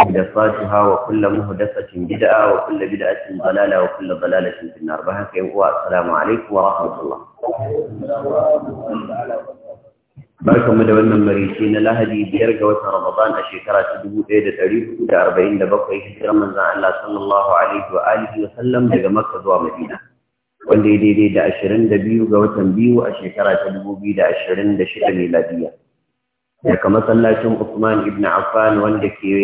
wa محدثاتها وكل محدثة بدعة وكل بدعة ضلالة وكل ضلالة في النار بهك والسلام عليكم ورحمة الله barkan mu da wannan marici na lahadi biyar ga watan ramadan a shekara ta dubu ɗaya da ɗari hudu da arba'in da bakwai hijirar manzan Allah sallallahu alaihi wa alihi wa sallam daga makka zuwa madina wanda ya daidai da ashirin da biyu ga watan biyu a shekara ta dubu biyu da ashirin da shida miladiya daga masallacin usman ibn affan wanda ke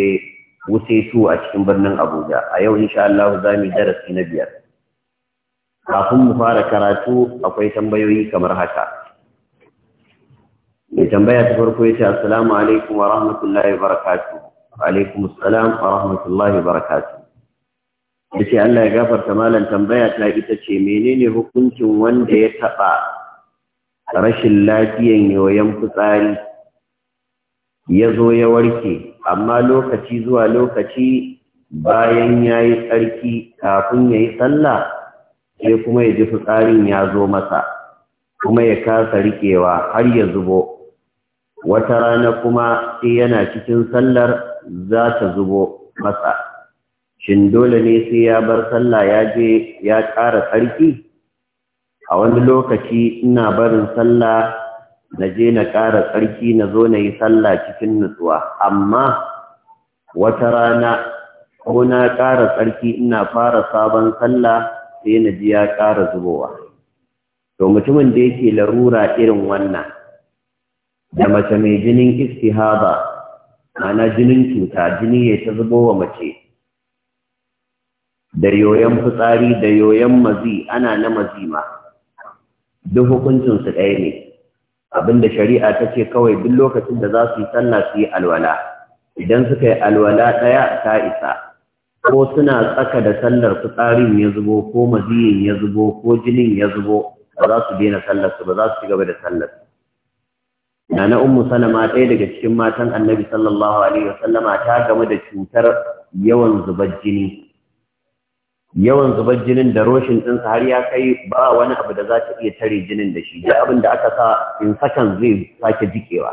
wuce a cikin birnin Abuja a yau insha Allah za mu darasi na biyar kafin mu fara karatu akwai tambayoyi kamar haka mai tambaya ta farko yace assalamu alaikum wa rahmatullahi wa barakatuh wa alaikum assalam wa rahmatullahi wa barakatuh yace Allah ya gafarta malam tambaya ta ita ce menene hukuncin wanda ya taba rashin lafiyan yoyon fitsari ya zo ya warke amma lokaci zuwa lokaci bayan ya yi tsarki kafin ya yi tsalla, sai kuma ya ji fitsarin ya zo masa kuma ya kasa riƙewa har ya zubo wata rana kuma sai yana cikin sallar za ta zubo masa shin dole ne sai ya bar sallah ya je ya ƙara tsarki a wani lokaci ina barin sallah na je na ƙara tsarki na zo na yi sallah cikin nutsuwa amma wata rana ko na ƙara tsarki ina fara sabon sallah sai na ji ya ƙara zubowa to mutumin da yake larura irin wannan da mace mai jinin istihaba ana jinin cuta jini ya ta zubowa mace da yoyon fitsari da yoyon mazi ana na mazi ma. duk hukuncinsu ɗaya ne abinda shari'a ta ce kawai duk lokacin da za su yi sallah su yi alwala idan suka yi alwala ɗaya ta isa ko suna tsaka da sallar fitsarin ya zubo ko maziyin ya zubo ko jinin ya zubo ba za su daina sallar su ba za su ci gaba da sallar su na ummu salama ɗaya daga cikin matan annabi sallallahu alaihi wasallama ta gamu da cutar yawan zubar jini yawan zubar jinin da roshin ɗinsa har ya kai ba wani abu da za ta iya tare jinin da shi da abin da aka sa in sakan zai sake jikewa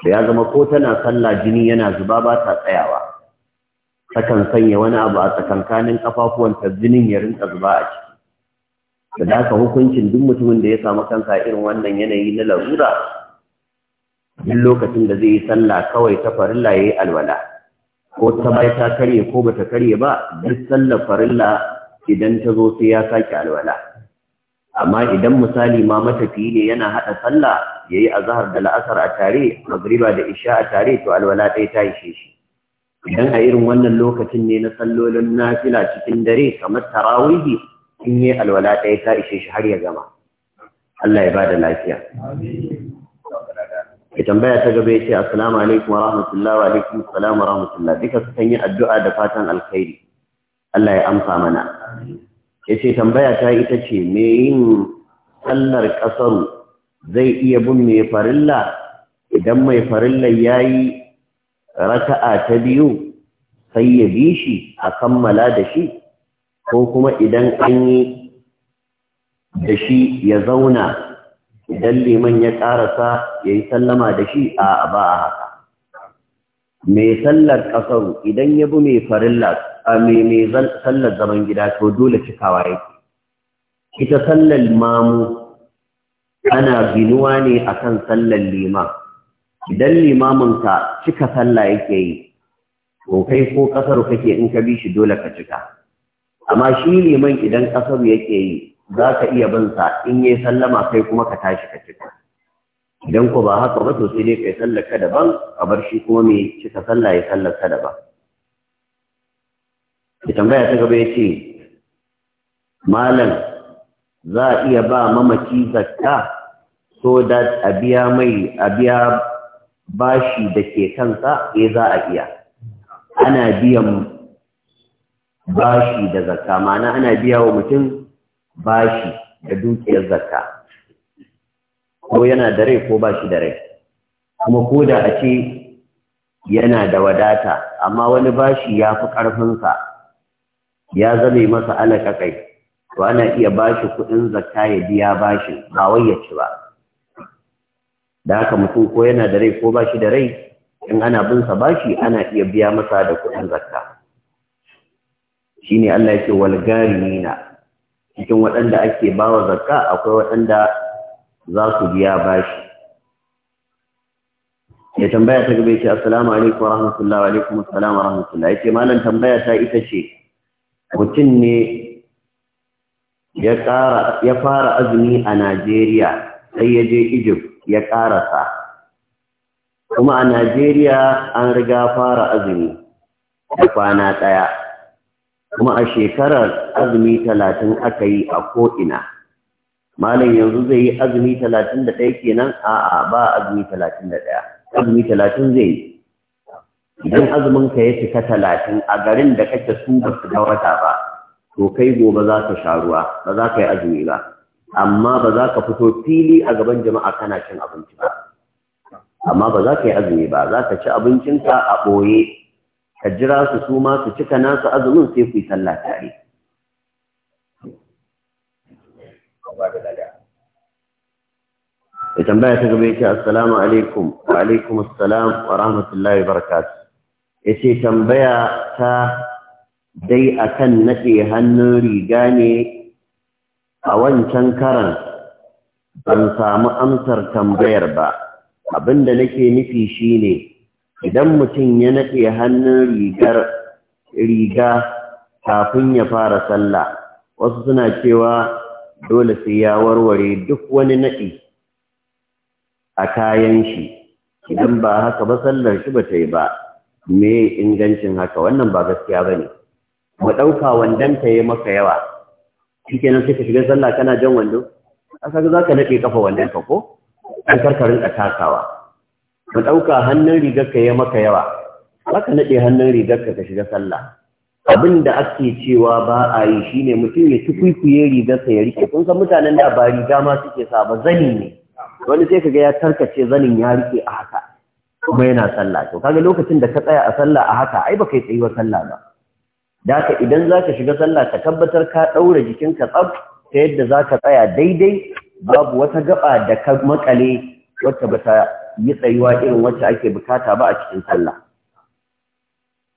da ya zama ko tana sallah jini yana zuba ba ta tsayawa takan sanya wani abu a tsakankanin ta jinin ya rinka zuba a ciki da da haka hukuncin duk mutumin da ya samu kansa irin wannan yanayi na larura duk lokacin da zai yi sallah kawai ta farilla ya alwala ko ta bai ta karye ko bata karye ba duk sallar farilla idan ta zo sai ya sake alwala amma idan misali ma matafi ne yana hada sallah yayi azhar da la'asar a tare magriba da isha a tare to alwala dai ta ishe shi idan a irin wannan lokacin ne na sallolin nafila cikin dare kamar tarawihi in yi alwala ɗaya ta ishe shi har ya gama Allah ya bada lafiya ya tambaya ta gaba ya ce assalamu alaikum wa rahmatullahi wa alaikum wa rahmatullahi duka su kan yi addu'a da fatan alkhairi Allah ya amsa mana ya ce tambaya ta ita ce me yin sallar ƙasar zai iya bin mai farilla idan mai farilla ya yi raka'a ta biyu sai ya bi shi a kammala da shi ko kuma idan an yi da shi ya zauna idan liman ya ƙarasa ya yi sallama da shi a ba a haka mai sallar ƙasar idan ya bi mai farilla a mai sallar zaman gida to dole cikawa ya ke. ita sallar mamu ana binuwa ne akan sallar liman idan limaminka cika salla yake yi to kai ko ƙasar kake in ka bi shi dole ka cika amma shi liman idan ƙasar yake yi za ka iya bin sa in yayi sallama kai kuma ka tashi ka cika idan ku ba haka ba to sai dai kai sallar ka daban a bar shi kuma mai cika sallah ya sallar ka daban ki tambaya ta gaba ya ce. malam za a iya ba mamaci zakka so that a biya mai a biya bashi da ke kansa eh za a iya ana biyan bashi da zakka ma'ana ana biya wa mutum bashi da dukiyar zakka ko yana da rai ko bashi da rai kuma ko da a ce yana da wadata amma wani bashi ya fi ƙarfinsa ya zame masa alaƙa kai to ana iya bashi kuɗin zakka ya biya bashi ba wai ya ci ba da haka mutum ko yana da rai ko bashi da rai in ana binsa bashi ana iya biya masa da kuɗin zakka shine Allah yake Walgari nina. cikin waɗanda ake bawa zakka akwai waɗanda za su biya bashi ya tambaya ta gaba ce assalamu alaikum wa rahmatullahi wa alaikum assalam wa rahmatullahi Ya ce malam tambaya ta ita ce mutum ne ya fara azumi a Najeriya sai ya je Egypt ya karasa, kuma a Najeriya an riga fara azumi da kwana ɗaya kuma a shekarar azumi talatin aka yi a ko'ina malam yanzu zai yi azumi talatin da ɗaya kenan a'a ba azumi talatin da ɗaya azumi talatin zai yi idan azuminka ka ya cika talatin a garin da kake su ba su ga ba to kai gobe za ka sha ruwa ba za ka yi azumi ba amma ba za ka fito fili a gaban jama'a kana cin abinci ba amma ba za ka yi azumi ba za ka ci abincinka a ɓoye ka jira su su ma su cika nasu azumin sai ku yi sallah tare ya tambaya ta gaba ya ce, assalamu alaikum wa alaikum assalam wa rahmatullahi Ya ce tambaya ta dai akan naɗe hannun riga ne a wancan karan ban samu amsar tambayar ba abinda nake nufi shine idan mutum ya naɗe hannun rigar riga kafin ya fara sallah wasu suna cewa dole sai ya warware duk wani naɗi a kayan shi idan ba haka ba sallar shi ba ta yi ba me ingancin haka wannan ba gaskiya ba ne mu ɗauka wandon ta yi maka yawa Kike nan sai shiga sallah kana jan wando a za ka naɗe kafa wandon ka ko an karkarin a takawa mu ɗauka hannun rigarka ya maka yawa ka naɗe hannun rigarka ka shiga sallah abin da ake cewa ba a yi shine mutum ya tukwikwiye rigarsa ya rike kun san mutanen da ba riga ma suke sa ba zani ne wani sai kaga ya tarkace zanin ya rike a haka kuma yana sallah to kaga lokacin da ka tsaya a sallah a haka ai baka yi tsayuwar sallah ba daka idan za ka shiga sallah ka tabbatar ka ɗaura jikin ka tsaf ta yadda za ka tsaya daidai babu wata gaba da ka makale wacce bata yi tsayuwa irin wacce ake bukata ba a cikin sallah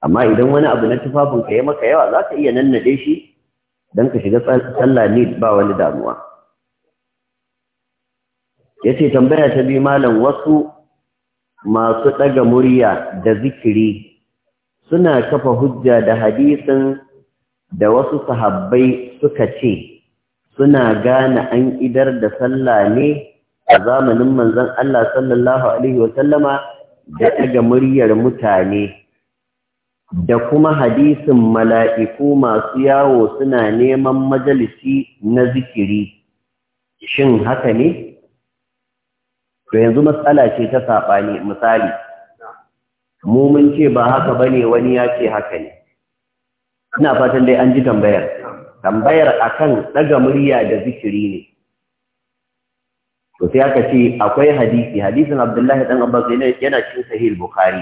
amma idan wani abu na tufafin ka yi maka yawa za ka iya nannade shi don ka shiga sallah ne ba wani damuwa ya ce tambaya ta bi malam wasu masu ɗaga murya da zikiri suna kafa hujja da hadisin da wasu sahabbai suka ce suna gane an idar da sallah ne a zamanin manzon Allah sallallahu alaihi wasallama da ɗaga muryar mutane da kuma hadisin mala'iku masu yawo suna neman majalisi na zikiri shin haka ne? To yanzu matsala ce ta saɓani misali, mu mun ce ba haka ba ne wani ya ce haka ne. Ina fatan dai an ji tambayar, tambayar akan ɗaga murya da zikiri ne. to sai aka ce akwai hadisi hadisin abdullahi dan abbas yana cikin sahih bukhari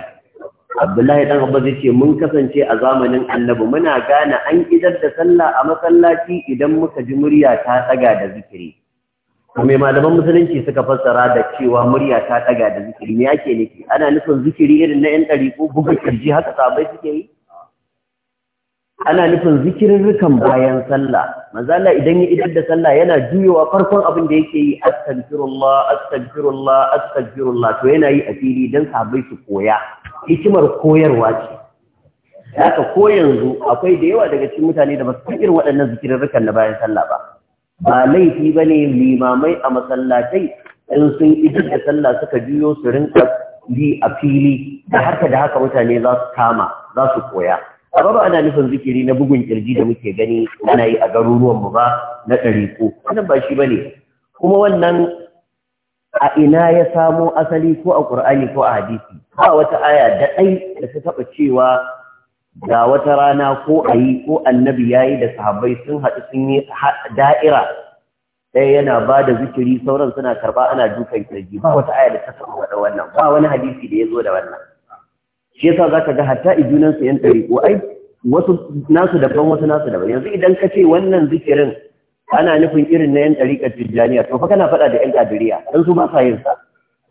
abdullahi dan abbas ce mun kasance a zamanin annabi muna gane an idar da sallah a masallaci idan muka ji murya ta tsaga da zikiri kuma malaman musulunci suka fassara da cewa murya ta tsaga da zikiri me yake nufi ana nufin zikiri irin na yan ɗari ko buga kirji haka sabai suke yi ana nufin rukan bayan sallah manzala idan ya idar da sallah yana juyowa farkon abin da yake yi astagfirullah astagfirullah astagfirullah to yana yi a fili dan sabai su koya hikimar koyarwa ce haka ko yanzu akwai da yawa daga cikin mutane da ba su irin waɗannan rukan na bayan sallah ba ba laifi bane limamai a masallatai in sun idar da sallah suka juyo su rinka bi a fili da haka da haka mutane za su kama za su koya A ba ana nufin zikiri na bugun kirji da muke gani ana yi a garuruwan mu ba na ko wannan ba shi bane kuma wannan a ina ya samo asali ko a Qur'ani ko a hadisi ba wata aya da ɗai da ta taɓa cewa ga wata rana ko a yi ko annabi ya yi da sahabbai sun haɗu sun yi da'ira ɗaya yana ba da zikiri sauran suna karɓa ana dukan kirji ba wata aya da ta taɓa wannan ba wani hadisi da ya zo da wannan shi yasa ka ga hatta ijunan su yan ko ai wasu nasu daban wasu nasu daban yanzu idan ka ce wannan zikirin ana nufin irin na yan ɗariƙar tijjaniya to fa kana faɗa da yan ƙadiriya dan su ba sa yin sa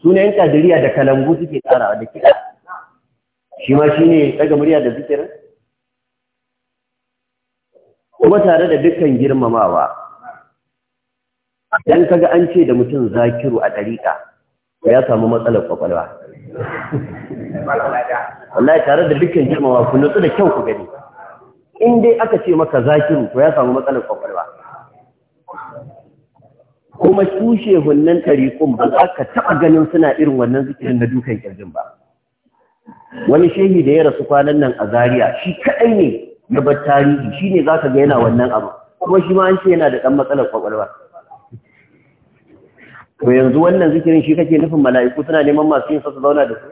su na yan ƙadiriya da kalangu suke tsarawa da kiɗa shi ma ne daga murya da zikirin kuma tare da dukkan girmamawa dan kaga an ce da mutum zakiru a ɗariƙa ya samu matsalar kwakwalwa wallahi tare da dukkan girmama ku nutsu da kyau ku gani in dai aka ce maka zakiru to ya samu matsalar kwakwalwa kuma tushe hunnan tarikun ba za ka taɓa ganin suna irin wannan zikirin na dukan kirjin ba wani shehi da ya rasu kwanan nan a Zariya shi kaɗai ne ya bar tarihi shi ne za ka ga yana wannan abu kuma shi ma an ce yana da ɗan matsalar kwakwalwa to yanzu wannan zikirin shi kake nufin mala'iku suna neman masu yin sassa zauna da su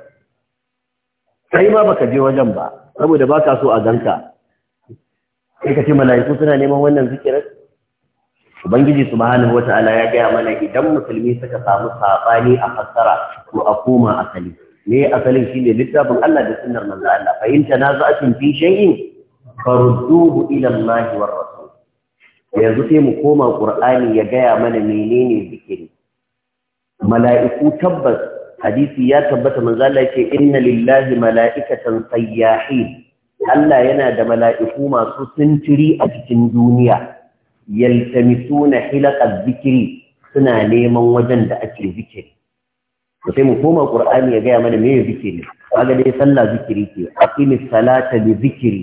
kai ma baka je wajen ba saboda baka so a ganka sai ka mala'iku suna neman wannan zikirin ubangiji subhanahu wata'ala ya gaya mana idan musulmi suka samu sabani a fassara to a koma asali ne asalin shine littafin Allah da sunnar manzo Allah fa in tanaza'atun fi shay'in farudduhu ila Allah war rasul yanzu sai mu koma qur'ani ya gaya mana menene zikiri mala'iku tabbas hadisi ya tabbata manzo yake inna lillahi mala'ikatan sayyahin Allah yana da mala'iku masu sintiri a cikin duniya yaltamisuna hilaqaz zikiri suna neman wajen da ake zikiri sai mu koma ƙur'ani ya gaya mana meye zikiri kaga dai sallah zikiri ce aqimis salata li zikiri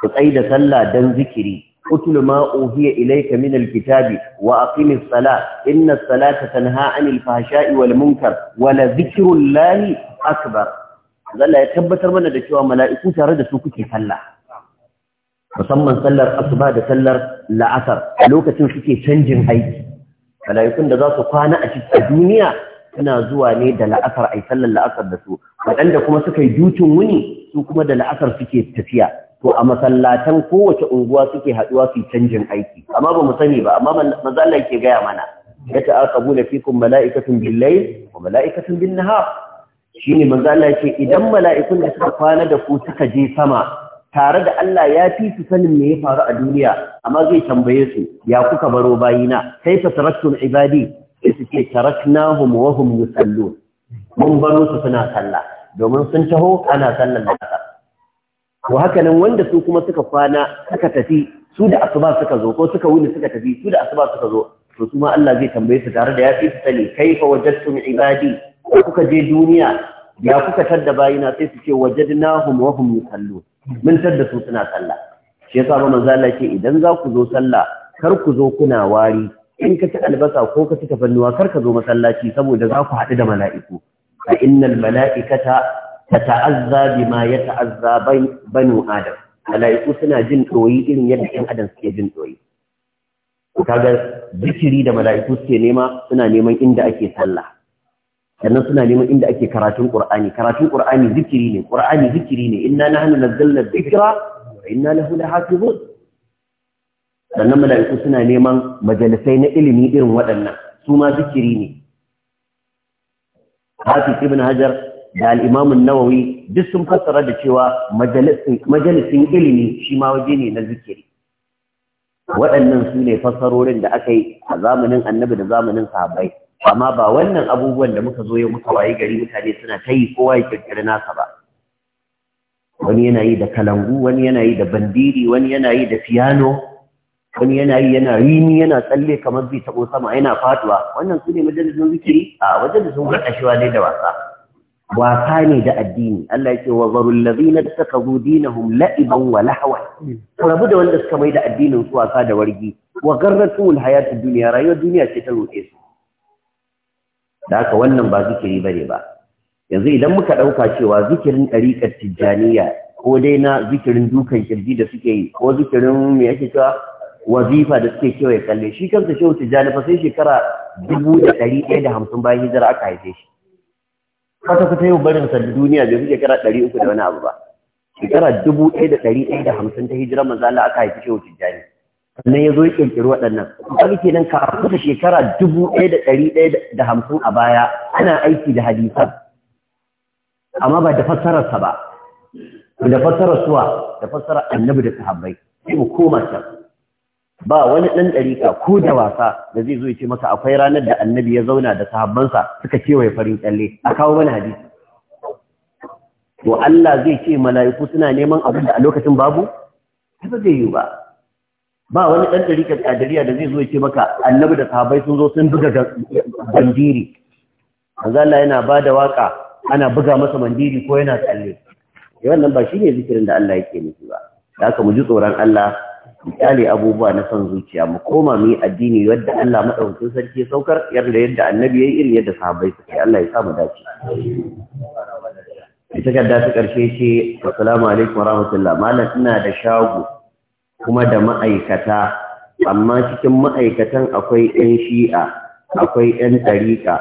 ku tsai da sallah dan zikiri اتل ما اوهي اليك من الكتاب واقم الصلاه ان الصلاه تنهى عن الفحشاء والمنكر ولذكر الله اكبر Allah ya tabbatar mana da cewa mala'iku tare da su kuke sallah musamman sallar asuba da sallar la'asar lokacin suke canjin aiki mala'ikun da za su kwana a cikin duniya suna zuwa ne da la'asar ai sallar la'asar da su waɗanda kuma suka yi dutun wuni su kuma da la'asar suke tafiya to a masallatan kowace unguwa suke haduwa su canjin aiki amma ba mu sani ba amma manzo ke gaya mana ya ta'aqabuna fikum mala'ikatun bil wa mala'ikatun bin-nahar shine manzo Allah yake idan mala'ikun da suka kwana da ku suka je sama tare da Allah ya fi su sanin me ya faru a duniya amma zai tambaye su ya kuka baro bayina kaifa taraktum ibadi su ce taraknahum wa hum yusallun mun baro su suna sallah domin sun taho ana sallar da wa hakanan wanda su kuma suka kwana suka tafi su da asuba suka zo ko suka wuni suka tafi su da asuba suka zo to su ma Allah zai tambaye su tare da ya fi sani kaifa wajadtum ibadi ko kuka je duniya ya kuka tadda bayina sai su ce wajadnahum wa hum yusallu mun tadda su suna sallah shi yasa ba manzo Allah idan za ku zo sallah kar ku zo kuna wari in ka ci albasa ko ka ci tafannuwa kar ka zo masallaci saboda za ku haɗu da mala'iku fa innal mala'ikata tata'azza bima yata'azza banu adam malaiku suna jin doyi irin yadda ɗan adam suke jin doyi kaga zikiri da malaiku suke nema suna neman inda ake sallah sannan suna neman inda ake karatun qur'ani karatun qur'ani zikiri ne qur'ani zikiri ne inna nahnu nazzalna dhikra wa inna lahu lahafizun sannan malaiku suna neman majalisai na ilimi irin waɗannan su ma zikiri ne Hafiz ibn Hajar da al'imamun nawawi duk sun fassara da cewa majalisun ilimi shi ma waje ne na zikiri waɗannan su ne fassarorin da aka yi a zamanin annabi da zamanin sahabbai amma ba wannan abubuwan da muka zo yau muka wayi gari mutane suna ta yi kowa ya kirkiri nasa ba wani yana yi da kalangu wani yana yi da bandiri wani yana yi da fiyano wani yana yi yana rini yana tsalle kamar zai taɓo sama yana faduwa wannan su ne majalisun zikiri a majalisin gaɗashewa ne da wasa wasa ne da addini Allah yake wa zarul ladina takazu dinahum la'iban wa lahwa rabu da wanda suka mai da addinin su wasa da wargi wa garratul hayatud dunya rayuwar duniya ce ta roƙe su da haka wannan ba zikiri bane ba yanzu idan muka dauka cewa zikirin ɗariƙar Tijjaniya ko dai na zikirin dukan kirji da suke yi ko zikirin me yake cewa wazifa da suke kewaye kalle shi kansa shehu tijani fa sai shekara dubu da ɗari ɗaya da hamsin bayan hijira aka haife shi kwata kuta yau barin sa duniya bai fi shekara ɗari uku da wani abu ba shekara dubu ɗaya da ɗari ɗaya da hamsin ta hijira manzo Allah aka haifi shehu tijjani sannan ya zo ya ƙirƙiri waɗannan kaga kenan kafin ta shekara dubu ɗaya da ɗari ɗaya da hamsin a baya ana aiki da hadisan amma ba da fassararsa ba da fassarar suwa da fassarar annabi da sahabbai sai mu koma can ba wani ɗan ɗarika ko da wasa da zai zo ya ce maka akwai ranar da annabi ya zauna da sahabbansa suka kewaye farin kyalle a kawo mana hadisi to Allah zai ce mala'iku suna neman abin da a lokacin babu ba zai yi ba ba wani ɗan ɗarika ƙadariya da zai zo ya ce maka annabi da sahabbai sun zo sun buga Gandiri. Allah yana ba da waka ana buga masa mandiri ko yana tsalle eh, wannan ba shine zikirin da Allah yake nufi ba da haka mu ji tsoron Allah misali abubuwa na son zuciya mu koma mu yi addini yadda Allah madaukakin sarki ya saukar yadda yadda annabi yayi irin yadda sahabbai suka yi Allah ya sa mu dace ita kadda ta karshe ce assalamu alaikum wa rahmatullah.' malam ina da shago kuma da ma'aikata amma cikin ma'aikatan akwai 'yan shi'a akwai 'yan ɗariƙa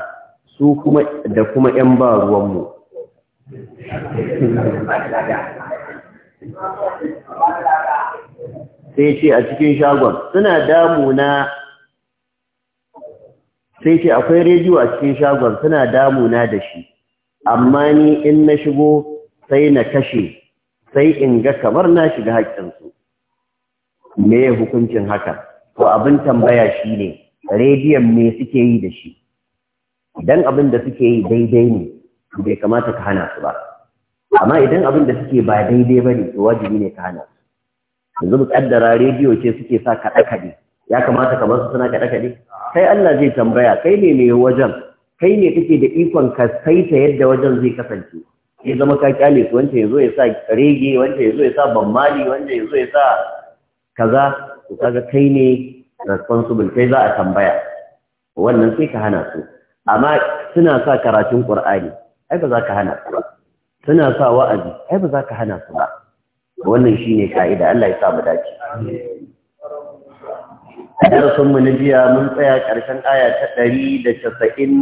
su kuma da kuma 'yan ba ruwanmu sai ce a cikin shagon suna damuna sai ce akwai rediyo a cikin shagon suna damuna da shi amma ni in na shigo sai na kashe sai in ga kamar na shiga su. me hukuncin haka to abin tambaya shi ne rediyon me suke yi da shi idan abin da suke yi daidai ne bai kamata ka hana su ba amma idan abin da suke ba daidai ba ne to wajibi ne ka hana su yanzu mu kaddara rediyo ce suke sa kaɗe-kaɗe ya kamata kamar su suna kaɗe-kaɗe kai Allah zai tambaya kai ne mai wajen kai ne kake da ikon ka saita yadda wajen zai kasance ya zama ka kyale su wanda yazo ya sa rege wanda yazo ya sa bammali wanda yazo ya sa kaza to kaga kai ne responsible kai za a tambaya wannan sai ka hana su amma suna sa karatun Qur'ani ai ba za ka hana su ba suna sa wa'azi ai ba za ka hana su ba wannan shi ne ka'ida Allah ya sa mu dace a darasin mu na jiya mun tsaya ƙarshen aya ta ɗari da casa'in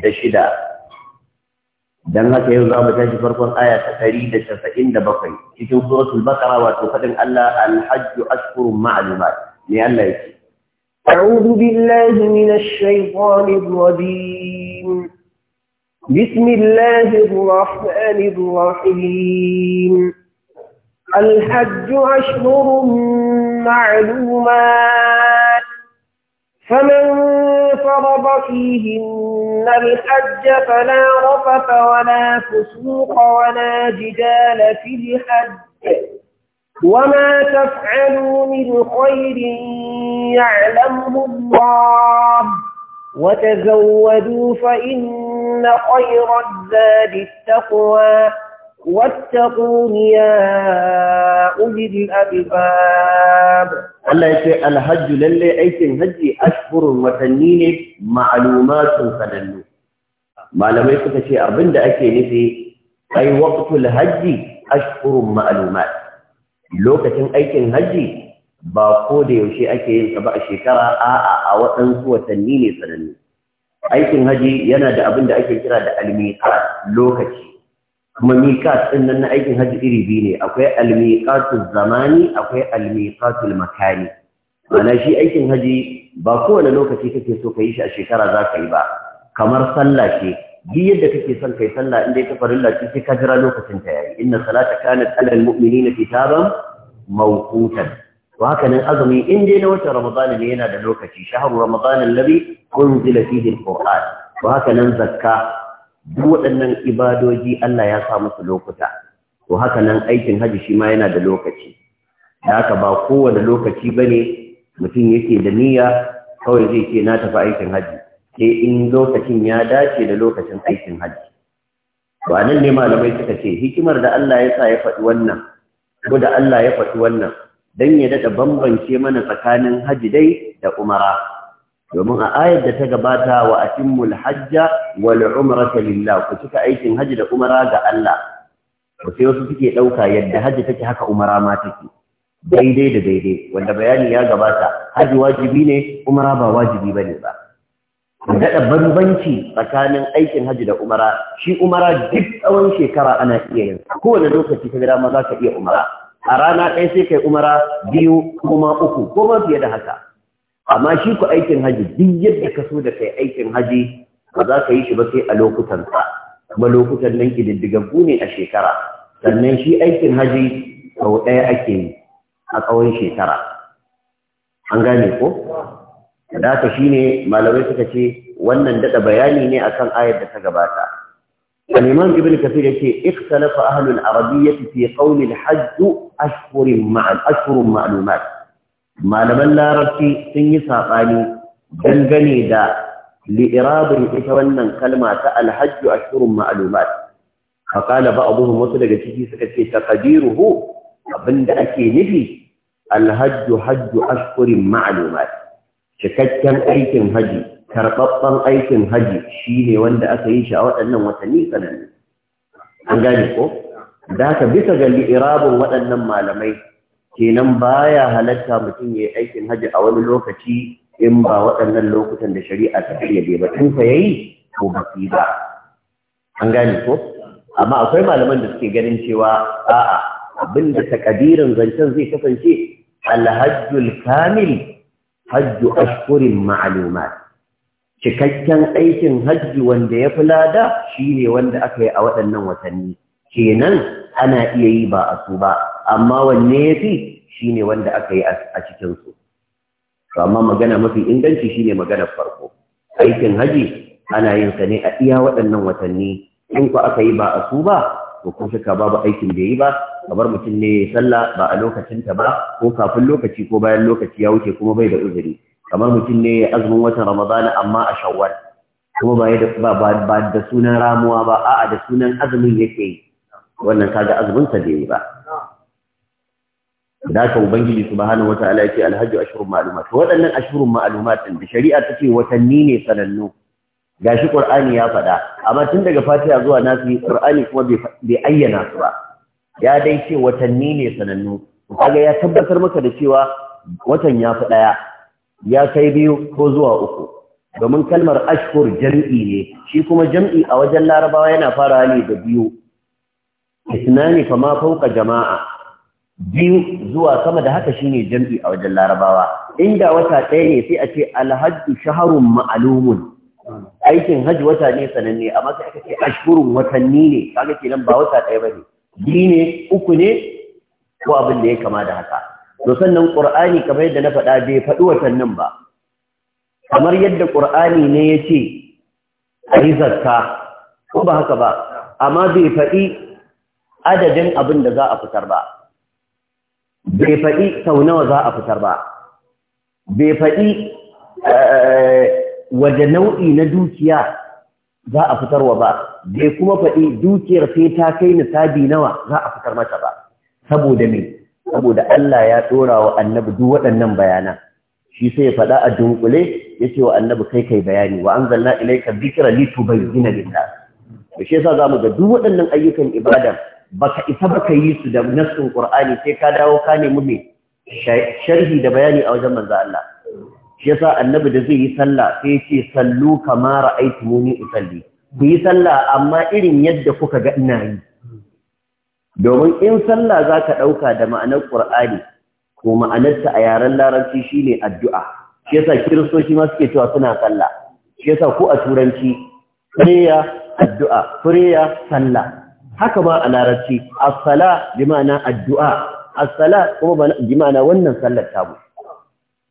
da shida don haka yau za mu tashi farkon aya ta ɗari da casa'in da bakwai cikin suratul bakara wato faɗin Allah alhajju ashkurun ma'alumat ne Allah ya ce أعوذ بالله من الشيطان الرجيم بسم الله الرحمن الرحيم الحج أشهر معلومات فمن فرض فيهن الحج فلا رفث ولا فسوق ولا جدال في الحج وما تفعلوا من خير يعلمه الله وتزودوا فإن خير الزاد التقوى واتقون يا أولي الألباب الله يقول الحج للي أيتم هجي أشهر وتنين معلومات فلن ما لم يكن شيء أبدا أكي نفي أي وقت الحج أشهر معلومات لو كتن هجي ba ko da yaushe ake yin sa ba a shekara a'a a waɗansu watanni ne sanannu aikin haji yana da abin da kuma miƙat ɗin nan na aikin hajji iri biyu ne akwai almiƙatul zamani akwai almiƙatul makani ma'ana shi aikin hajji ba kowane lokaci kake so ka yi shi a shekara za ka yi ba kamar sallah ce duk yadda kake son kai sallah inda ta farilla ce sai ka jira lokacin ta yayi inna salata kanat alal mu'minina kitaban mawqutan wa haka nan azumi in dai na watan ramadana ne yana da lokaci shahru ramadana alladhi unzila fihi alquran wa haka nan zakka duk waɗannan ibadoji Allah ya sa musu lokuta to haka nan aikin haji shi ma yana da lokaci da haka ba kowane lokaci ba ne mutum yake da niyya kawai zai ce na tafi aikin haji sai in lokacin ya dace da lokacin aikin haji to nan ne malamai suka ce hikimar da Allah ya sa ya faɗi wannan ko da Allah ya faɗi wannan dan ya daɗa bambance mana tsakanin haji dai da umara domin a ayar da ta gabata wa atimmul hajja wal umrata lillah ku cika aikin hajji da umara ga Allah to sai wasu suke ɗauka yadda haji take haka umara ma take daidai da daidai wanda bayani ya gabata haji wajibi ne umara ba wajibi bane ba daɗa bambanci tsakanin aikin hajji da umara shi umara duk tsawon shekara ana iya yin kowane lokaci ka dama za ka iya umara a rana ɗaya sai kai umara biyu kuma uku ko ma fiye da haka amma shi ku aikin haji duk yadda ka so da kai aikin haji ba za ka yi shi ba sai a lokutan sa kuma lokutan nan kididdigaggu ne a shekara sannan shi aikin haji sau ɗaya ake yi a tsawon shekara an gane ko da haka shine malamai suka ce wannan daɗa bayani ne akan ayar da ta gabata al-imam ibn kathir yace ikhtalafa ahlul arabiyyah fi qawl al-hajj ashhurun ma'al ma'lumat malaman larabci sun yi saɓani dangane da li'irabin ita wannan kalma ta alhajju a shirin ma'alumat a kala ba wasu daga ciki suka ce hu abinda ake nufi alhajju hajju ashirin ma'alumat cikakken aikin haji karɓaɓɓen aikin haji shi ne wanda aka yi shi a waɗannan watanni tsanani an gane ko da haka bisa ga li'irabin waɗannan malamai kenan baya halatta mutum ya yi aikin hajji a wani lokaci in ba waɗannan lokutan da shari'a ta kayyade ba tun fa yayi ko ba su ba an gane ko amma akwai malaman da suke ganin cewa a'a abinda takadirin zancen zai kasance alhajjul kamil hajju ashkurin ma'aluma cikakken aikin hajji wanda ya fi lada shine wanda aka yi a waɗannan watanni kenan ana iya yi ba a su ba amma wanne ya fi shi ne wanda aka yi a cikinsu to amma magana mafi inganci shi ne maganar farko aikin haji ana yin sa ne a iya waɗannan watanni in ku aka yi ba a su ba to kun shaka babu aikin da yi ba kamar mutum ne ya sallah ba a lokacinta ba ko kafin lokaci ko bayan lokaci ya wuce kuma bai da uzuri kamar mutum ne ya azumin watan ramadana amma a shawar. kuma ba ba da sunan ramuwa ba a'a da sunan azumin yake yi wannan kaga azumin sa bai yi ba da ka ubangiji subhanahu wataala yake alhaji ashirin ma'lumat waɗannan ashhurun ma'lumat din da shari'a tace watanni ne sanannu gashi qur'ani ya faɗa amma tun daga fatiha zuwa nasi qur'ani kuma bai ayyana su ba ya dai ce watanni ne sanannu kaga ya tabbatar maka da cewa watan ya fi ɗaya ya kai biyu ko zuwa uku domin kalmar ashkur jam'i ne shi kuma jam'i a wajen larabawa yana farawa ne da biyu isnani fa ma fauka jama'a biyu zuwa sama da haka shine jam'i a wajen larabawa inda wata ɗaya ne sai a ce alhaji shaharun ma'alumun aikin hajji wata ne sananne amma sai aka ce ashirin watanni ne kaga nan ba wata ɗaya bane biyu ne uku ne ko abin da ya kama da haka to sannan qur'ani kamar yadda na faɗa bai faɗi watannin ba kamar yadda qur'ani ne ya ce a ko ba haka ba amma bai faɗi adadin abin da za a fitar ba bai faɗi sau nawa za a fitar ba bai faɗi eh, waje nau'i na dukiya za a fitarwa ba bai kuma faɗi dukiyar sai ta kai nisabi nawa za a fitar mata ba saboda me saboda Allah ya tsora wa annabi duk waɗannan bayanan shi sai ya faɗa a dunkule ya ce wa annabi kai kai bayani wa an anzalna ilayka litu bai gina gina. Bishe shi za mu ga duk waɗannan ayyukan ibada baka isa baka yi su da nassin Qur'ani sai ka dawo ka nemi me sharhi da bayani a wajen manzo Allah shi yasa annabi da zai yi sallah sai ya ce sallu kama ra'aytumuni usalli ku yi sallah amma irin yadda kuka ga ina yi domin in sallah za ka ɗauka da ma'anar Qur'ani ko ma'anarta a yaren larabci shine addu'a shi yasa kiristoci ma suke cewa suna sallah shi yasa ku a turanci prayer addu'a prayer sallah haka ma a larabci as-sala bi ma'ana addu'a as-sala kuma bi ma'ana wannan sallar ta mu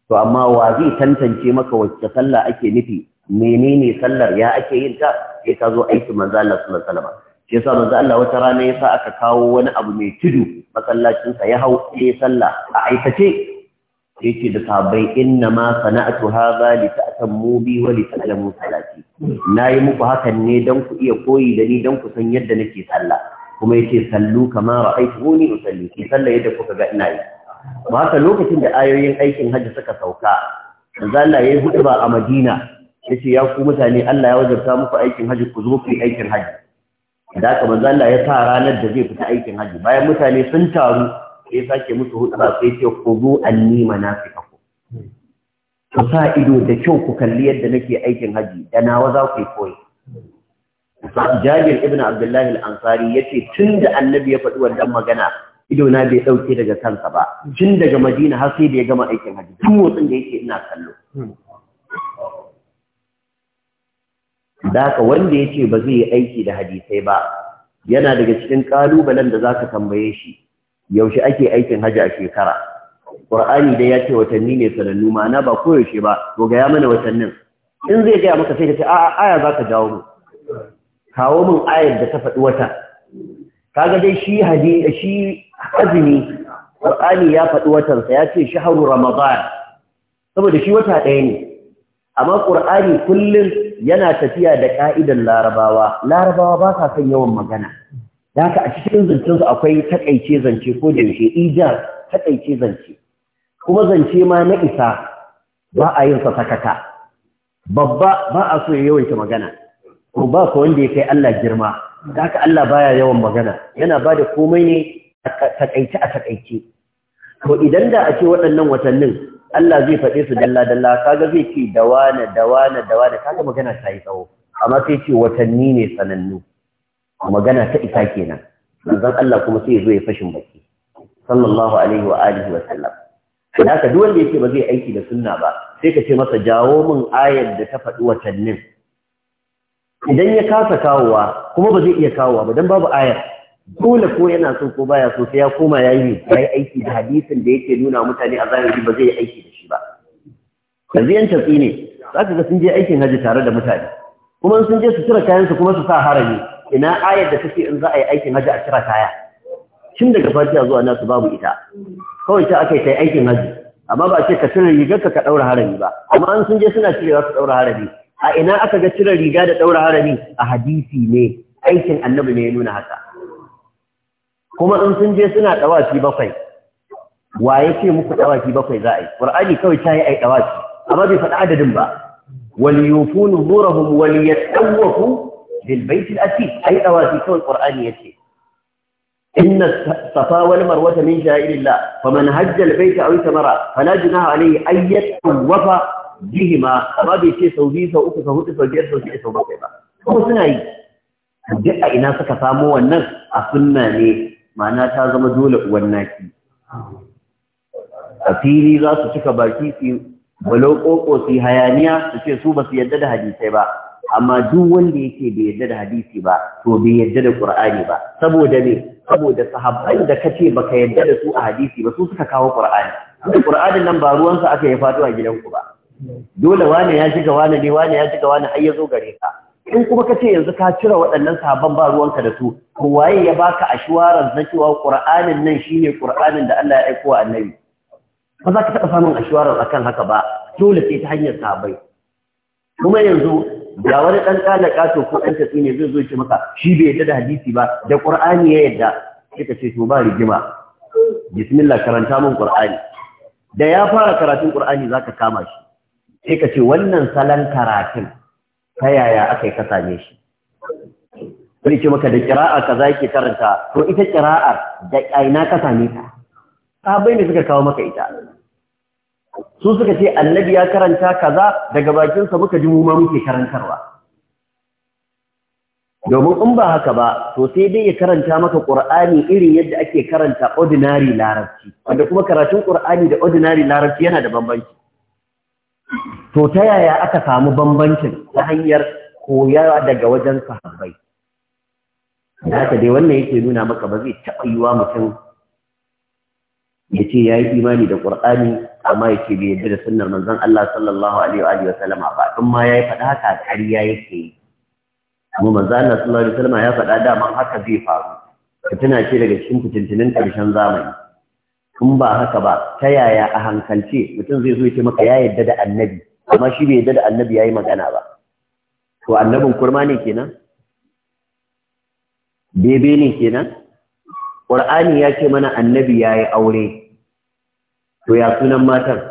to amma wa zai tantance maka wacce sallah ake nufi menene sallar ya ake yin ta sai ka zo aiki manzo Allah sallallahu alaihi wasallam shi yasa manzo Allah wata rana yasa aka kawo wani abu mai tudu masallacin sa ya hau sai sallah a aikace yake da sahabbai inna ma sana'atu hadha li ta'tammu bi wa li ta'lamu salati nayi muku hakan ne dan ku iya koyi da ni dan ku san yadda nake sallah kuma yace sallu kama ra'aytuni usalli ki sallah yadda kuka ga ina yi ba haka lokacin da ayoyin aikin hajji suka sauka manzo Allah yayi ba a Madina yace ya ku mutane Allah ya wajabta muku aikin hajji ku zo ku yi aikin hajji da haka manzo Allah ya sa ranar da zai fita aikin hajji bayan mutane sun taru ya sake musu hudu ba sai ce ku zo anni manasikaku ku sa ido da kyau ku kalli yadda nake aikin haji da nawa za ku yi koyi Jabir ibn Abdullahi al-Ansari yace tun da annabi ya faɗi wannan magana ido na bai ɗauke daga kansa ba tun daga Madina har sai da ya gama aikin haji tun motsin da yake ina kallo Daka wanda ya ce ba zai yi aiki da hadisai ba yana daga cikin ƙalubalen da za ka tambaye shi yaushe ake aikin haji a shekara qur'ani dai ya ce watanni ne sanannu na ba koyaushe ba to ga ya mana watannin in zai gaya maka sai ka ce a aya za ka jawo mu kawo min ayar da ta faɗi wata kaga dai shi hadi shi azumi qur'ani ya faɗi watansa ya ce shahru ramadan saboda shi wata ɗaya ne amma qur'ani kullum yana tafiya da ka'idan larabawa larabawa ba sa son yawan magana da haka a cikin zancensu akwai takaice zance ko da yaushe ijar takaice zance kuma zance ma na isa ba a yin sa sakata babba ba a so ya yawaita magana ko ba ka wanda ya kai Allah girma da haka Allah baya yawan magana yana ba da komai ne takaice a takaice to idan da a ce waɗannan watannin Allah zai faɗe su dalla dalla kaga zai ce dawana dawana dawana kaga magana ta yi tsawo amma sai ce watanni ne sanannu magana ta isa kenan manzon Allah kuma sai yazo ya fashin baki sallallahu alaihi wa alihi wa sallam dan haka duk wanda yake ba zai aiki da sunna ba sai ka ce masa jawo min ayar da ta faɗi watannin idan ya kasa kawowa kuma ba zai iya kawowa ba dan babu ayar dole ko yana so ko baya so sai ya koma yayi yayi aiki da hadisin da yake nuna mutane a zahiri ba zai yi aiki da shi ba yanzu yan tafi ne za ka ga sun je aikin haji tare da mutane kuma sun je su tura kayansu kuma su sa harami ina ayar da take in za a yi aikin haji a cira kaya tun daga fatiha zuwa nasu babu ita kawai ta aka yi ta aikin haji amma ba a ce ka cire rigar ka ka daura harami ba amma an sun je suna cirewa su daura harami a ina aka ga cire riga da daura harami a hadisi ne aikin annabi ne ya nuna haka kuma in sun je suna dawaki bakwai wa ya ce muku dawaki bakwai za a yi qur'ani kawai ta yi ai dawaki amma bai faɗi adadin ba wal yufunu zurahum wal yatawafu للبيت الأسيس أي أوازيكو القرآنية إن الصفا والمروة من جائر الله فمن هج البيت أو ثمرة فلا جناح عليه أن يتوفى بهما فما بيشي سوزي سوءك سهوتي سوجير سوزي سوء مطيبا هو سنعي الدقة إنا سكفامو والنف أفناني ما ناتا زمدول والناكي أفيني لا سوشك باكي في ولو قوقو في هيانيا سوشي سوبة في يدد هجي سيبا amma duk wanda yake bai yarda da hadisi ba to bai yarda da qur'ani ba saboda me saboda sahabbai da kace baka yarda da su a hadisi ba su suka kawo qur'ani da qur'anin nan ba ruwan sa aka yi fatu a gidanku ba dole wani ya shiga wani ne wani ya shiga wani ai yazo gare ka in kuma kace yanzu ka cire waɗannan sahabban ba ruwanka da su to waye ya baka ashwaran na cewa qur'anin nan shine qur'anin da Allah ya aika annabi ba za ka taɓa samun ashwaran akan haka ba dole sai ta hanyar sahabbai kuma yanzu da wani ɗan kana kaso ko ɗan tafi ne zai zo ce maka shi bai yadda da hadisi ba da qur'ani ya yadda kika ce to ba rigima bismillah karanta min qur'ani da ya fara karatun qur'ani zaka kama shi sai ka ce wannan salon karatun ta yaya aka yi ka same shi wani ce maka da kira'a ka za ke karanta to ita kira'ar da aina ka same ta sabai ne suka kawo maka ita su suka ce annabi ya karanta kaza daga bakinsa muka ji muma muke karantarwa domin in ba haka ba to sai dai ya karanta maka qur'ani irin yadda ake karanta ordinary larabci wanda kuma karatun qur'ani da ordinary larabci yana da bambanci to ta yaya aka samu bambancin ta hanyar koya daga wajen sahabbai haka dai wannan yake nuna maka ba zai taɓa yiwa mutum ya ce ya yi imani da ƙur'ani amma yake bai yadda da sunnar manzon Allah sallallahu alaihi wa alihi wasallam ba in ma yayi fada haka ƙarya yake yi amma manzon Allah sallallahu alaihi wasallam ya faɗa da man haka zai faru tana ce daga cikin fitintinin karshen zamani in ba haka ba ta yaya a hankalce mutum zai zo ya ce maka ya yadda da annabi amma shi bai yadda da annabi yayi magana ba to annabin kurma ne kenan bebe ne kenan Qur'ani ya ce mana annabi yayi aure to ya sunan matan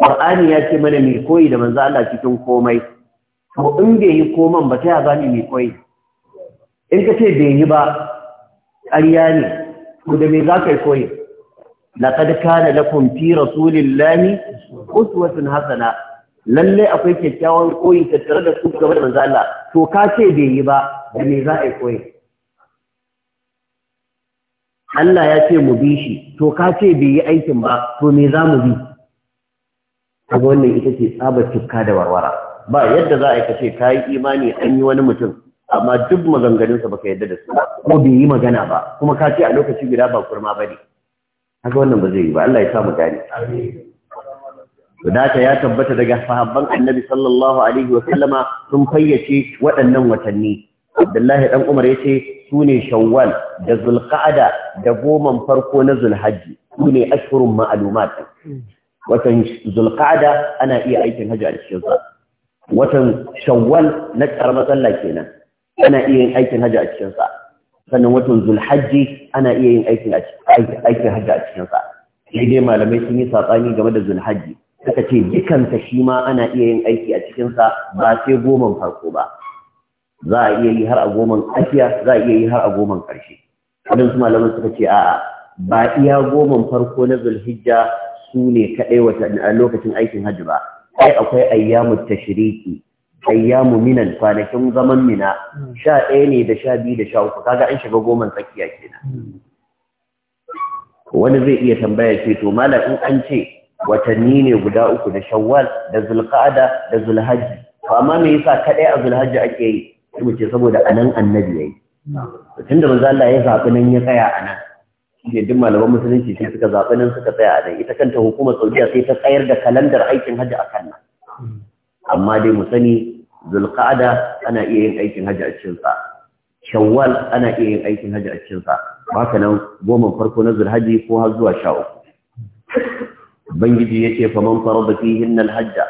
Qur'ani ya ce mana mai koyi da manzo Allah cikin komai to in bai yi koman ba ta ya gani mai koyi in ka ce bai yi ba ƙarya ne to da me za ka yi koyi laqad kana lakum fi rasulillahi uswatun hasana lalle akwai kyakkyawan koyi tattare da su gaba da manzo Allah to ka ce bai yi ba da me za a yi koyi Allah ya ce mu bi shi to ka ce bai yi aikin ba to me za mu bi kaga wannan ita ce tsabar cikka da warwara ba yadda za a yi kace ka yi imani an yi wani mutum amma duk maganganunsa baka yadda da su ko bai yi magana ba kuma ka ce a lokaci gida ba kurma ba ne haka wannan ba zai yi ba Allah ya sa mu gane Wadata ya tabbata daga sahabban annabi sallallahu alaihi wa sallama sun fayyace waɗannan watanni Abdullahi ɗan Umar ya ce su ne shawwal da zulqa'ada da goman farko na zulhajji su ne ashhurun ma'lumat watan zulqa'ada ana iya aikin hajji a cikin sa watan shawwal na karamar sallah kenan ana iya yin aikin hajji a cikin sa sannan watan zulhajji ana iya yin aikin hajji a cikin sa sai dai malamai sun yi saɓani game da zulhajji suka ce dukansa shi ma ana iya yin aiki a cikin sa ba sai goman farko ba za a iya yi har a goman tsakiya za a iya yi har a goman ƙarshe su malamin suka ce a ba iya goman farko na zulhijja su ne kaɗai wata a lokacin aikin hajji ba ai akwai ayyamu tashiriki, ayyamu minan kwanakin zaman mina sha ɗaya ne da sha biyu da sha uku kaga an shiga goman tsakiya kenan wani zai iya tambaya ce to mala in an ce watanni ne guda uku da shawwal da zulqa'ada da zulhajji to amma me yasa kadai a zulhajji ake yi sai mu ce saboda anan annabi yayi tun da manzo Allah ya zaɓi nan ya tsaya a nan ne duk malaman musulunci sai suka zaɓi nan suka tsaya a nan ita kanta hukumar Saudiya sai ta tsayar da kalandar aikin hajji a kan nan amma dai mu sani zulqa'ada ana iya yin aikin hajji a cikin sa shawwal ana iya yin aikin hajji a cikin sa haka nan goma farko na zulhaji ko har zuwa sha uku ubangiji ce faman farada fihin alhajja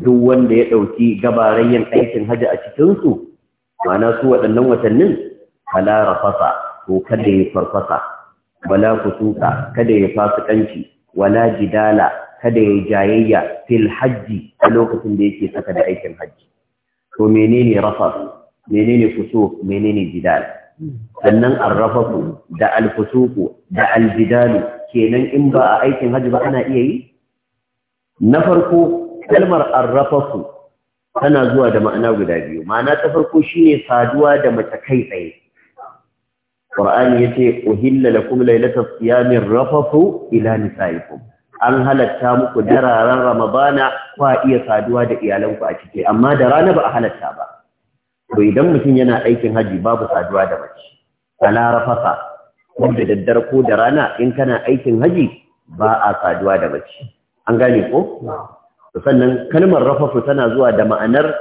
duk wanda ya dauki yin aikin hajji a cikin su ma'ana su waɗannan watannin kala rafasa ko kada ya farfasa wala kusuka kada ya fasikanci wala jidala kada ya jayayya fil hajji a lokacin da yake saka da aikin hajji to menene rafas menene kusuk menene jidal sannan arrafasu da alfusuku da aljidalu kenan in ba a aikin hajji ba ana iya yi na farko kalmar arrafasu tana zuwa da ma'ana guda biyu ma'ana ta farko shine saduwa da mace kai tsaye Qur'ani yace uhilla lakum laylatas siyamir rafathu ila nisaikum an halatta muku dararen ramadana kwa iya saduwa da iyalanku a ciki amma da rana ba a halatta ba to idan mutum yana aikin haji babu saduwa da mace ala rafasa wanda daddare ko da rana in kana aikin haji ba a saduwa da mace an gane ko sannan kalmar rafafu tana zuwa da ma'anar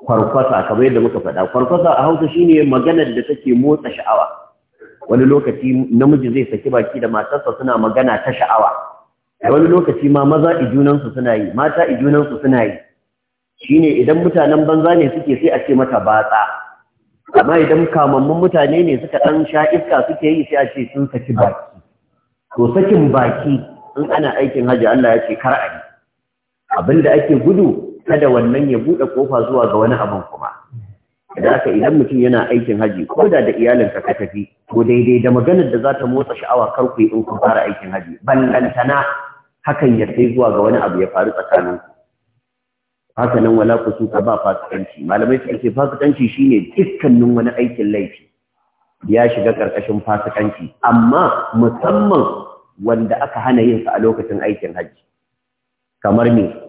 kwarkwasa kamar yadda muka faɗa kwarkwasa a hausa shine maganar da take motsa sha'awa wani lokaci namiji zai saki baki da matarsa suna magana ta sha'awa wani lokaci ma maza ijunansu suna yi mata ijunansu suna yi shine idan mutanen banza ne suke sai a ce mata batsa amma idan kamammun mutane ne suka ɗan sha iska suke yi sai a ce sun saki baki to sakin baki in ana aikin hajji Allah ya ce kar a yi Abin da ake gudu kada wannan ya buɗe kofa zuwa ga wani abin kuma da aka idan mutum yana aikin haji ko da da iyalinka ka tafi ko daidai da maganar da za ta motsa sha'awa kar ku yi in kun fara aikin haji ballantana hakan ya sai zuwa ga wani abu ya faru tsakanin haka nan wala ku suka ba fasikanci malamai suka ce fasikanci shine dukkanin wani aikin laifi ya shiga karkashin fasikanci amma musamman wanda aka hana yin sa a lokacin aikin haji kamar ne.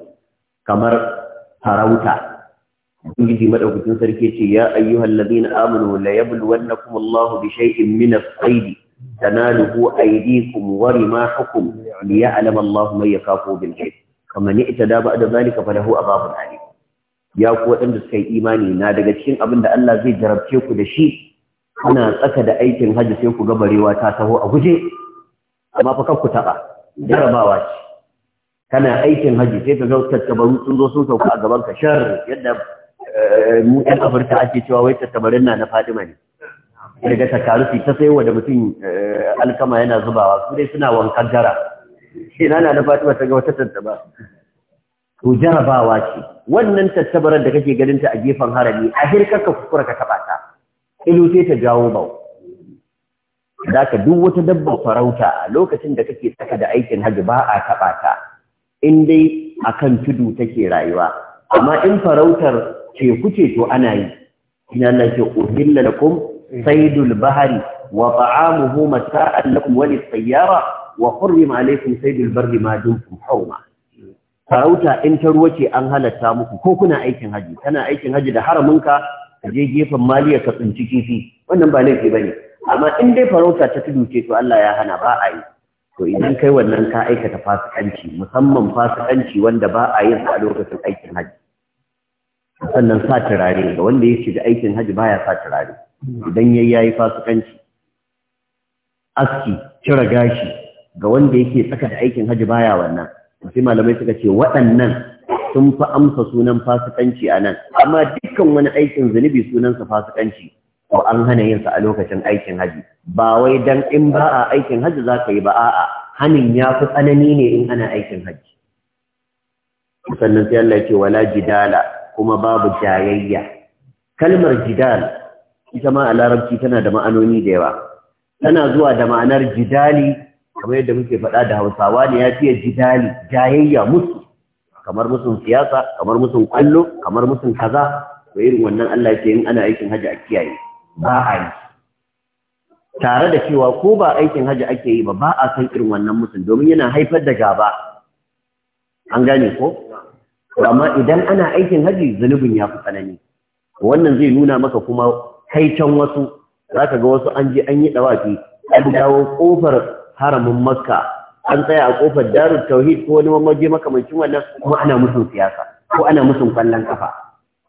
kamar farauta ubangiji madaukakin sarki ce ya ayyuhal ladina amanu la yabluwannakum Allahu bi shay'in min as-sayd tanaluhu aydikum wa rimahukum liya'lam Allahu man yakafu bil ghaib kaman itada ba'da zalika falahu azabun alim ya ku waɗanda suka yi imani na daga cikin abin da Allah zai jarabce ku da shi kuna tsaka da aikin hajji sai ku ga barewa ta taho a guje amma fa kar ku taba jarabawa ce kana aikin haji sai ka ga tattabaru sun zo sun sauka a gaban ka shar yadda eh, mu ɗan afirka ake cewa wai tattabarin na na fadima ne daga takarufi ta sayo da mutum eh, alkama yana zubawa su dai suna wankan jara. ina na na fatima ta ga wata tattaba to jarabawa ce wannan tattabarar da kake ganin ta a gefen harami a hirkar ka kuskura ka taba ta ilu sai ta jawo bau Zaka duk wata dabba farauta a lokacin da kake tsaka da aikin hajji ba a taɓa ta in dai a kan tudu take rayuwa amma in farautar teku ce to ana yi ina Allah ke uhilla lakum saydul bahri wa ta'amuhu mata'an lakum wa lis-sayyara wa hurrima alaykum saydul barri ma dumtum hawma farauta in ta ruwa ce an halatta muku ko kuna aikin haji kana aikin haji da haramin ka je gefen maliya ka tsinci kifi wannan ba laifi bane amma in dai farauta ta tudu ce to Allah ya hana ba a yi to idan kai wannan ka aikata fasikanci musamman fasikanci wanda ba a yin a lokacin aikin haji sannan sa turare ga wanda ya shiga aikin haji baya sa turare idan yayi yayi fasikanci aski cire gashi ga wanda yake tsaka da aikin haji baya wannan sai malamai suka ce waɗannan sun fi amsa sunan fasikanci a nan amma dukkan wani aikin zunubi sunansa fasikanci to an hana yin sa a lokacin aikin haji ba wai dan in ba a aikin haji za ka yi ba a'a hanin ya fi tsanani ne in ana aikin haji sannan sai Allah ya ce wala jidala kuma babu jayayya kalmar jidal ita ma a larabci tana da ma'anoni da yawa tana zuwa da ma'anar jidali kamar yadda muke faɗa da hausawa ne ya fiye jidali jayayya musu kamar musun siyasa kamar musun kwallo kamar musun kaza to irin wannan Allah ya ce in ana aikin haji a kiyaye ba a yi tare da cewa ko ba aikin haji ake yi ba ba a san irin wannan mutum domin yana haifar da gaba an gane ko amma idan ana aikin haji, zunubin ya fi tsanani wannan zai nuna maka kuma kaiton wasu zaka ga wasu an je an yi dawafi an dawo kofar haramin makka an tsaya a kofar darut tauhid ko wani mamaje makamancin wannan kuma ana musun siyasa ko ana musun kwallon kafa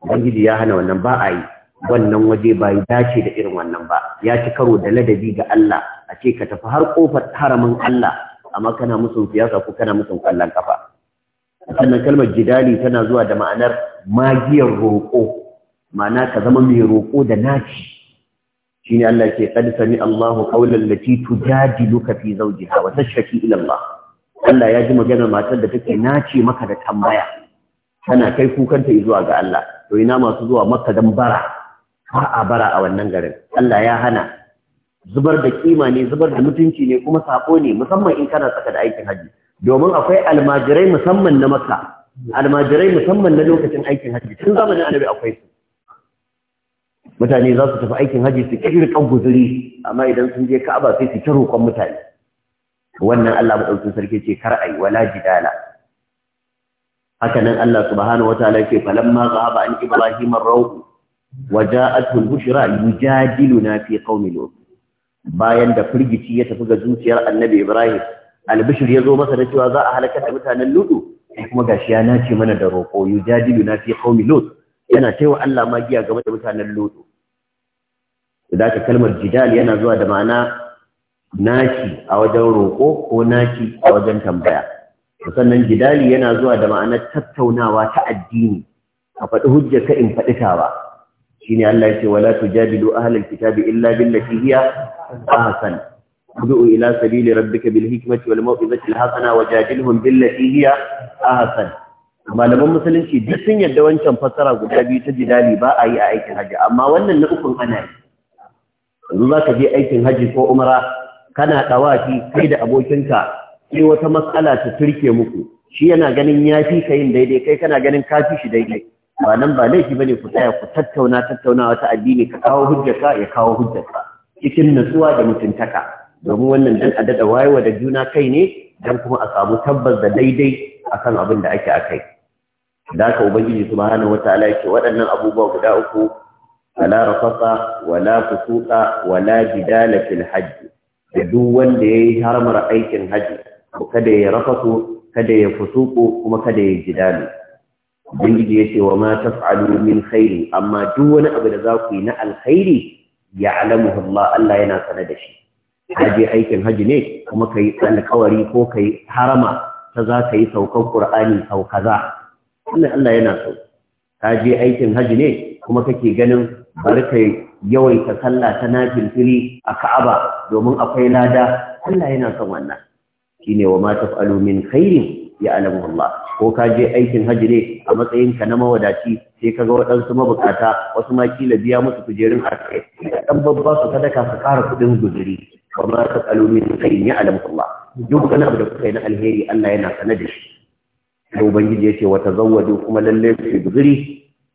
ubangiji ya hana wannan ba a yi wannan waje bai dace da irin wannan ba ya ci karo da ladabi ga Allah a ce ka tafi har kofar haramin Allah amma kana musun siyasa ko kana musun kallon kafa sannan kalmar jidali tana zuwa da ma'anar magiyar roƙo ma'ana ka zama mai roƙo da naci shine Allah ke qad sami Allahu qawlan lati tujadiluka fi zawjiha wa tashki ila Allah Allah ya ji maganar matar da take nace maka da tambaya tana kai kukanta zuwa ga Allah to ina masu zuwa maka dan bara ba a bara a wannan garin Allah ya hana zubar da kima ne zubar da mutunci ne kuma sako ne musamman in kana saka da aikin haji domin akwai almajirai musamman na makka almajirai musamman na lokacin aikin haji tun zamanin annabi akwai su mutane za su tafi aikin haji su kirka guzuri amma idan sun je ka'aba sai su kiro kan mutane wannan Allah madaukakin sarki ce kar ai wala jidala haka nan Allah subhanahu wataala ce falamma zaaba an ibrahima rawu وجاءته البشرى يجادلنا في قوم لوط bayan da firgici ya tafi ga zuciyar annabi Ibrahim albishir ya zo masa da cewa za a halaka da mutanen Lutu kuma gashi ya nace mana da roƙo na fi qaumi Lut yana cewa Allah magiya game da mutanen ludu da ka kalmar jidal yana zuwa da ma'ana naci a wajen roƙo ko naci a wajen tambaya sannan jidali yana zuwa da ma'anar tattaunawa ta addini a faɗi hujjar ka in faɗi tawa shine Allah yake wala tujadilu ahlal kitabi illa billati hiya ahsan ud'u ila sabili rabbika bil hikmati wal mau'izati hasana wajadilhum billati hiya ahsan malaman musulunci duk sun yadda wancan fassara guda biyu ta jidali ba a yi a aikin haji amma wannan na ukun ana yi yanzu za ka je aikin haji ko umara kana dawafi kai da abokinka sai wata matsala ta turke muku shi yana ganin ya fi ka yin daidai kai kana ganin ka fi shi daidai ba nan ba laifi bane ku tsaya ku tattauna tattauna wata addini ka kawo hujjarka ya kawo hujjarka cikin nutsuwa da mutuntaka domin wannan dan a dada wayewa da juna kai ne dan kuma a samu tabbas da daidai akan abin da ake akai da ka ubangiji subhanahu wataala yake waɗannan abubuwa guda uku wala rafasa wala fusuqa wala jidala fil hajj da duk wanda yayi haramar aikin haji kada ya rafasu kada ya fusuku kuma kada ya jidalu ubangiji ya ce wa ma taf'alu min khairi amma duk wani abu da za ku yi na alkhairi ya'lamuhu Allah Allah yana sane da shi haje aikin haji ne kuma kai alƙawari ko kai harama ta za ka yi saukan Qur'ani sau kaza wannan Allah yana so haje aikin haji ne kuma kake ganin bari kai yawaita sallah ta nafin fili a Ka'aba domin akwai lada Allah yana son wannan shine wa mata taf'alu min ya alamu Allah ko ka je aikin hajji ne a matsayin ka na mawadaci sai ka ga waɗansu mabukata wasu ma kila biya musu kujerun arkai dan babba su sadaka su ƙara kuɗin guzuri kamar ka tsalo kai ya alamu Allah duk wani abu da kuka yi na alheri Allah yana sana da shi ubangiji ya ce wa tazawwadu kuma lalle ku guzuri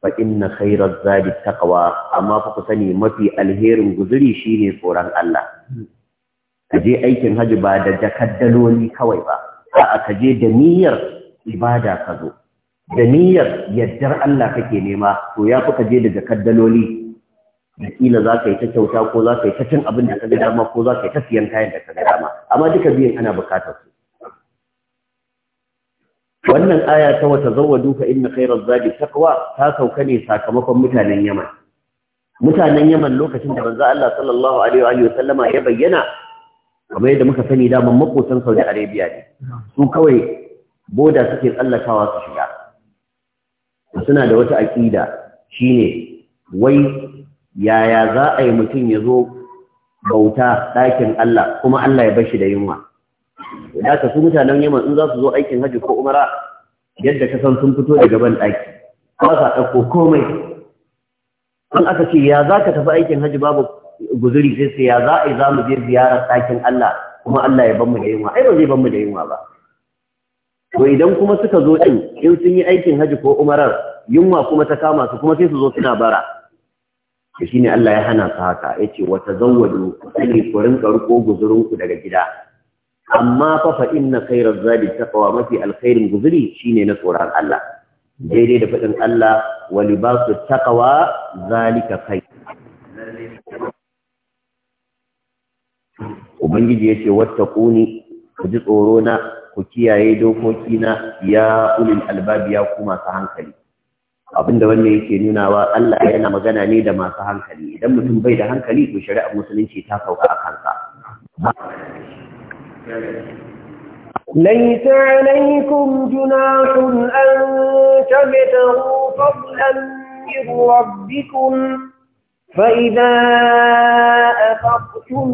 fa inna khairaz zadi taqwa amma fa ku sani mafi alherin guzuri shine tsoron Allah ka je aikin hajji ba da jakaddaloli kawai ba a'a ka je da niyyar ibada ka zo da niyyar yaddar Allah kake nema to ya fi ka je daga kaddaloli. daloli da kila za ka yi ta kyauta ko za ka yi ta cin abin da ka ga dama ko za ka yi ta siyan kayan da ka ga dama amma duka biyan ana bukatar su wannan aya ta wata zawadu duka inna khairaz zadi taqwa ta sauka ne sakamakon mutanen Yaman mutanen Yaman lokacin da manzo Allah sallallahu alaihi wa sallama ya bayyana kamar yadda muka sani daman makotan Saudi Arabia ne su kawai boda suke tsallakawa su shiga suna da wata aƙida shine wai yaya za a yi mutum ya zo bauta ɗakin Allah kuma Allah ya bashi da yunwa da ka su mutanen Yaman in za su zo aikin hajji ko umara yadda ka san sun fito daga ban ɗaki ba ka ɗauko komai in aka ce ya za ka tafi aikin hajji babu guzuri sai sai ya za a za mu je ziyarar ɗakin Allah kuma Allah ya bamu da yunwa ai ba zai mu da yunwa ba to idan kuma suka zo din in sun yi aikin haji ko umarar yunwa kuma ta kama su kuma sai su zo suna bara to shine Allah ya hana su haka yace wa tazawwadu ne ku rinka riko guzurin ku daga gida amma fa fa inna khairaz zadi taqwa mafi alkhairin guzuri shine na tsoron Allah daidai da faɗin Allah wa libasu taqwa zalika khair ubangiji ya yace wattaquni ku ji tsoro na ku kiyaye dokoki na ya ulil albabi ya ku masu hankali abinda wannan yake nunawa Allah yana magana ne da masu hankali idan mutum bai da hankali to shari'ar musulunci ta sauka a kansa ليس عليكم جناح أن تبتغوا فضلا من ربكم فإذا أخذتم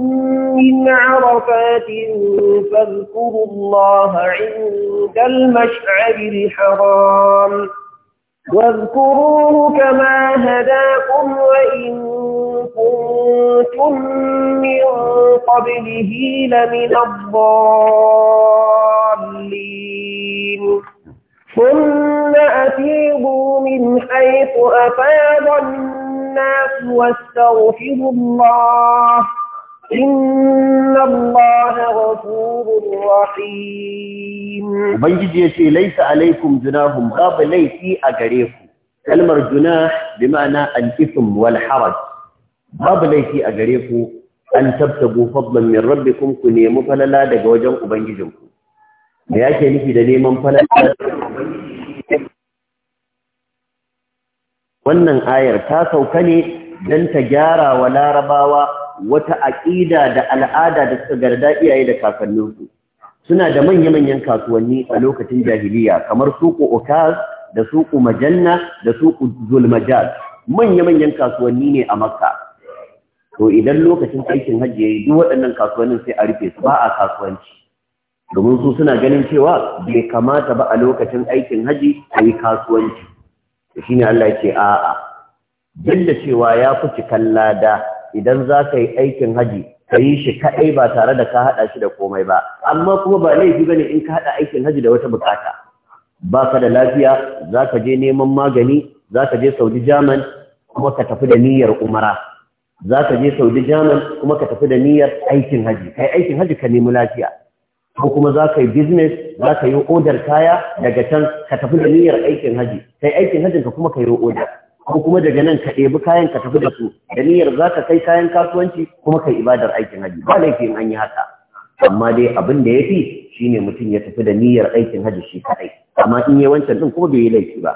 من عرفات فاذكروا الله عند المشعر الحرام واذكروه كما هداكم وإن كنتم من قبله لمن الضالين ثم أفيضوا من حيث أفاض الناس واستغفروا الله إن الله غفور رحيم وبنجي يتي ليس عليكم جناح باب ليتي أجريكم kalmar junah bi ma'ana al-ithm wal haraj babu laifi a gare ku an tabtagu fadlan min rabbikum ku nema falala daga wajen ubangijinku me yake nufi da neman falala wannan ayar ta sauka ne don ta gyara wa larabawa wata aƙida da al'ada da suka garda iyaye da kakanninsu suna da manya-manyan kasuwanni a lokacin jahiliya kamar suku okaz da suku majanna da suku zulmajaz manya-manyan kasuwanni ne a makka to idan lokacin aikin hajji ya yi duk waɗannan kasuwannin sai a rufe su ba a kasuwanci domin su suna ganin cewa bai kamata ba a lokacin aikin hajji a kasuwanci ne Allah yake a'a duk cewa ya fi cikan lada idan za ka yi aikin haji ka yi shi kaɗai ba tare da ka haɗa shi da komai ba amma kuma ba laifi bane in ka haɗa aikin haji da wata bukata ba ka da lafiya za ka je neman magani za ka je saudi jaman kuma ka tafi da niyyar umara za ka je saudi jaman kuma ka tafi da niyyar aikin haji kai aikin haji ka nemi lafiya ko kuma za ka yi business za ka yi odar kaya daga can ka tafi da niyyar aikin haji kai aikin hajin ka kuma ka yi odar ko kuma daga nan ka ɗebi kayan ka tafi da su da niyyar za ka kai kayan kasuwanci kuma ka yi ibadar aikin haji ba laifi in an yi haka amma dai abin da ya fi shine mutum ya tafi da niyyar aikin haji shi kaɗai amma in yi wancan ɗin kuma bai yi laifi ba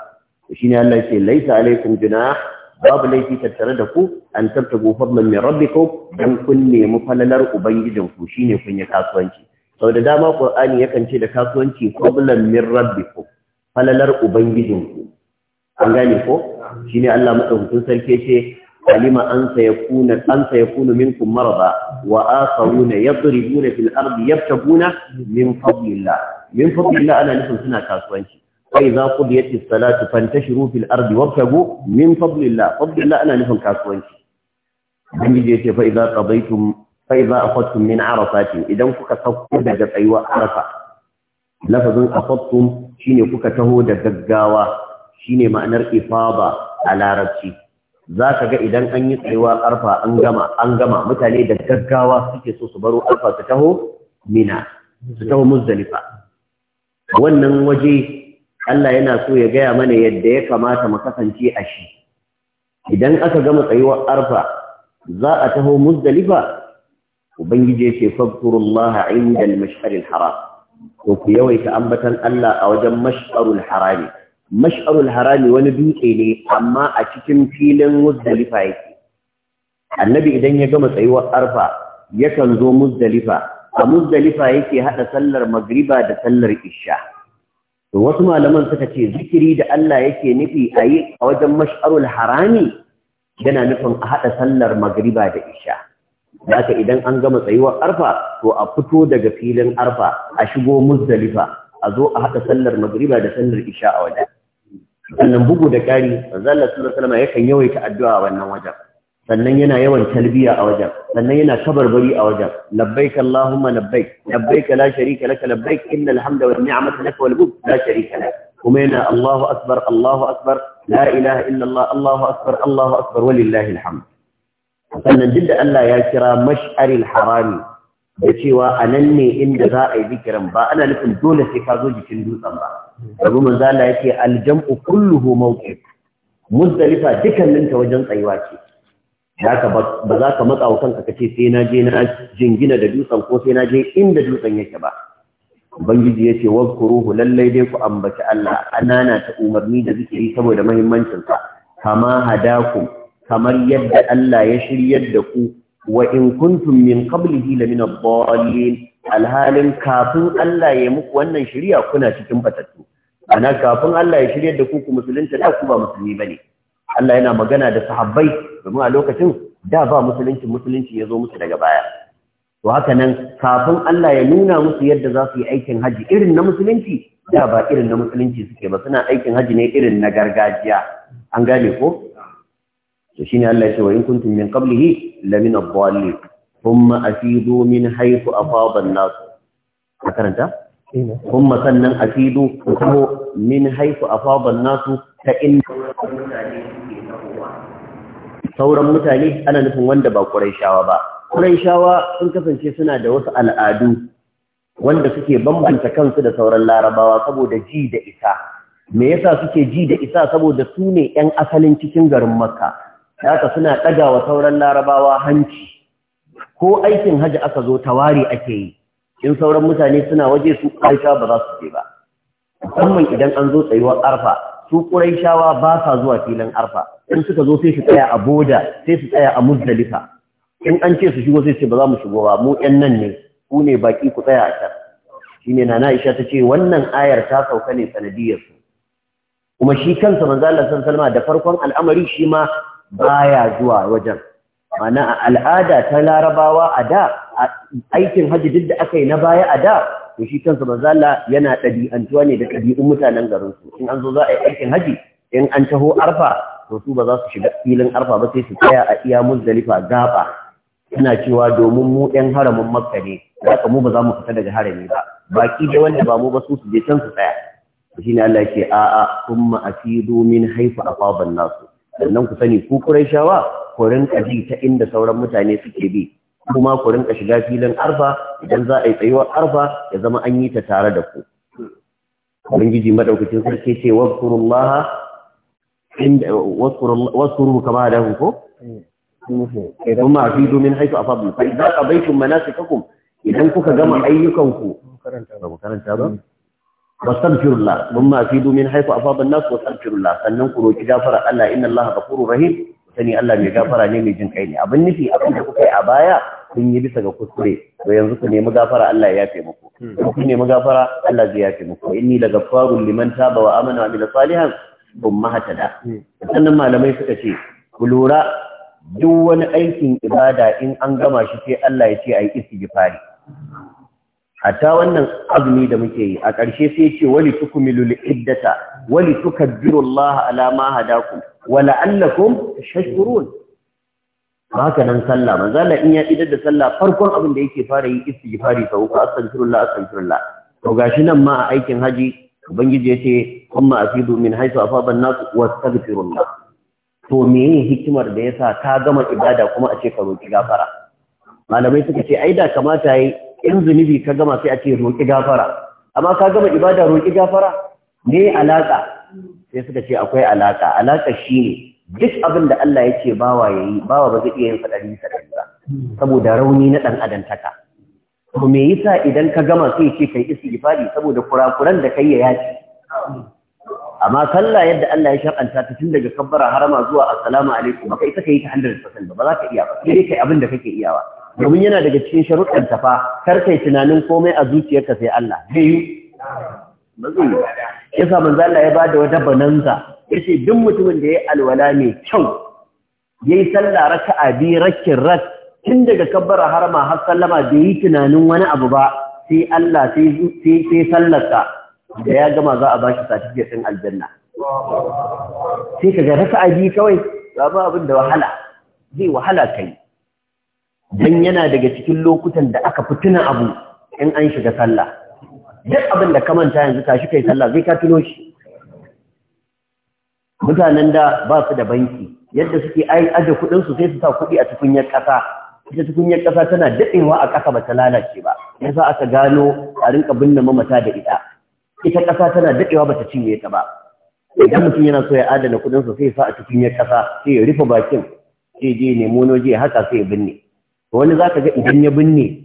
shine Allah ya ce laisa alaikum junah babu laifi tattare da ku an tabtabu fadlan min rabbikum dan kun nemi falalar ku shine kun yi kasuwanci sau da dama ƙur'ani yakan ce da kasuwanci fadlan min rabbikum falalar ubangijinku an gane ko ne Allah madaukakin sarki ce alima an sayakuna an sayakunu minkum ba. wa a akharuna yadribuna fil ardi yabtaguna min fadlillah min fadlillah ana nufin suna kasuwanci ku salatu! قضيت الصلاة فانتشروا في الأرض وابتغوا Min فضل الله ana nufin kasuwanci. نفهم كاسوانك ce fa'iza قضيتم fa idza afattum min arafatin idan kuka sauko daga tsayuwa arafa lafazin afattum shine kuka taho da gaggawa shine ma'anar ifada a larabci za ka idan an yi tsayuwa arfa an gama mutane da gaggawa suke so su baro arfa su taho mina wannan waje Allah yana so ya gaya mana yadda ya kamata mu kasance a shi idan aka gama tsayuwar arfa za a taho muzdalifa ubangiji yake fadkurullaha inda al-mash'aril haram ko ku yawaita ambatan Allah a wajen mash'arul harami mash'arul harami wani dutse ne amma a cikin filin muzdalifa yake annabi idan ya gama tsayuwar arfa yakan zo muzdalifa a muzdalifa yake hada sallar magriba da sallar isha to wasu malaman suka ce zikiri da Allah yake nufi a yi a wajen mash'arul harami yana nufin a hada sallar magriba da isha da haka idan an gama tsayuwar arfa to a fito daga filin arfa a shigo muzdalifa a zo a haɗa sallar magriba da sallar isha a wajen sannan bugu da ƙari zalla sallallahu alaihi yakan yawaita addu'a a wannan wajen sannan yana yawan talbiya a wajen sannan yana kabarbari a wajen labbaik allahumma labbaik labbaik la sharika laka labbaik innal hamda wan ni'mata laka wal mulk la sharika lak kuma yana allahu akbar allahu akbar la ilaha illa allah allahu akbar allahu akbar walillahi alhamd sannan duk da Allah ya kira mash'aril harami da cewa a nan ne inda za a yi zikirin ba ana nufin dole sai ka zo jikin dutsen ba abu manzo Allah yake aljam'u kulluhu mawqif muzdalifa dukkanin ta wajen tsayuwa ce haka ba za ka matsa wa ka kace sai na je na jingina da dutsen ko sai na je inda dutsen yake ba ubangiji yace wazkuruhu lallai dai ku ambaci Allah anana ta umarni da zikiri saboda muhimmancin sa kama hadakum kamar yadda Allah ya shiryar da ku wa in kuntum min qablihi la min ad-dallin alhalin kafin Allah ya muku wannan shirya kuna cikin batattu ana kafin Allah ya shiryar da ku ku musulunta da ku ba musulmi bane Allah yana magana da sahabbai domin a lokacin da ba musulunci musulunci ya zo musu daga baya to haka nan kafin Allah ya nuna musu yadda za su yi aikin haji irin na musulunci da ba irin na musulunci suke ba suna aikin haji ne irin na gargajiya an gane ko to shine Allah ya ce wa in kuntum min qablihi la min ad-dallin thumma afidu min haythu afada an-nas Makaranta? karanta thumma sannan afidu kuma min haythu afada an-nas ta in sauran mutane ana nufin wanda ba Qurayshawa ba Qurayshawa sun kasance suna da wasu al'adu wanda suke bambanta kansu da sauran larabawa saboda ji da isa me yasa suke ji da isa saboda su ne 'yan asalin cikin garin makka haka suna ɗaga wa sauran larabawa hanci ko aikin hajji aka zo tawari ake yi in sauran mutane suna waje su ƙuraishawa ba za su je ba musamman idan an zo tsayuwar arfa su ƙuraishawa ba sa zuwa filin arfa in suka zo sai su tsaya a boda sai su tsaya a muzdalifa in an ce su shigo sai su ba za mu shigo ba mu ƴan nan ne ku ne baki ku tsaya a can shine nana Aisha ce wannan ayar ta sauka ne sanadiyar su kuma shi kansa manzo Allah sallallahu alaihi wasallam da farkon al'amari shi ma baya zuwa wajen mana al'ada ta larabawa a da aikin hajji duk da aka yi na baya a da to shi kansa manzala yana ɗabi'antuwa ne da ɗabi'un mutanen garin su in an zo za a yi aikin hajji in an taho arfa to su ba za su shiga filin arfa ba sai su tsaya a iya muzdalifa gaba Ina cewa domin mu ɗan haramin makka ne haka mu ba za mu fita daga harami ba baki da wanda ba mu ba su su je can su tsaya shi ne Allah ce? a'a kuma asidu domin haifa afaban nasu sannan ku sani ku Qurayshawa ku rinka ji ta inda sauran mutane suke bi kuma ku rinka shiga filin arfa idan za a yi tsayuwar arfa ya zama an yi ta tare da ku ubangiji madaukakin sarki ce wasurullaha inda wazkuru kama da ku ثم أفيدوا من حيث أفضل فإذا قضيتم مناسككم إذا karanta ba karanta ba wastaghfirullah mimma afidu domin haythu afada an-nas wastaghfirullah sannan ku roki gafara Allah inna Allah ghafurur rahim sani Allah mai gafara ne mai jin kai ne abin nufi abin da kuka yi a baya kun yi bisa ga kuskure to yanzu ku nemi gafara Allah ya yafe muku hmm. ku nemi gafara Allah zai yafe muku inni la ghafarul liman taba wa amana wa amila salihan thumma hatada hmm. sannan malamai suka ce ku lura duk wani aikin ibada in an gama shi sai Allah ya ce ayi istighfari hatta wannan azumi da muke yi a ƙarshe sai ce wali tukmilul iddata wali tukabbirullaha ala ma hadakum wa la'allakum tashkurun haka nan sallah manzo Allah in ya idar da sallah farkon abin da yake fara yi istighfari sau uku astaghfirullah astaghfirullah to gashi nan ma a aikin haji ubangiji yace kuma afidu min haythu afaba an-nas wastaghfirullah to meye hikimar da yasa ka gama ibada kuma a ce ka roki gafara malamai suka ce ai da kamata yi in zunubi ka gama sai a ce roƙi gafara amma ka gama ibada roƙi gafara me alaka? sai suka ce akwai alaka shi shine duk abin da Allah ya ce bawa yayi bawa ba zai iya yin sadari sadari ba saboda rauni na dan taka. to me yasa idan ka gama sai ce kai istighfari saboda kurakuran da kai ya yaci amma sallah yadda Allah ya shar'anta ta tun daga kabbara harama zuwa assalamu alaikum kai ita yi ta 100% ba ba za ka iya ba sai kai abin da kake iyawa domin yana daga cikin sharuɗan ta fa kar tunanin komai a zuciyarka sai Allah zai yi Ya manzo Allah ya da wata bananza yace duk mutumin da ya yi alwala mai kyau yayi sallah raka'a bi rakin rak tun daga kabbara harama har sallama bai yi tunanin wani abu ba sai Allah sai sai sai sallarsa da ya gama za a ba bashi ke din aljanna sai kaga raka'a bi kawai ba abin da wahala zai wahala kai dan yana daga cikin lokutan da aka tuna abu in an shiga sallah duk abin da ka manta yanzu tashi kai sallah zai ka tuno shi mutanen da ba su da banki yadda suke ai aje kuɗin su sai su sa kuɗi a tukunyar ƙasa ita tukunyar ƙasa tana daɗewa a kasa bata lalace ba yasa aka gano a rinka binne mamata da ita ita kasa tana daɗewa bata cinye ta ba idan mutum yana so ya adana kuɗin su sai ya sa a tukunyar kasa sai ya rufe bakin sai je nemo noje haka sai ya binne wani za ka ga idan ya binne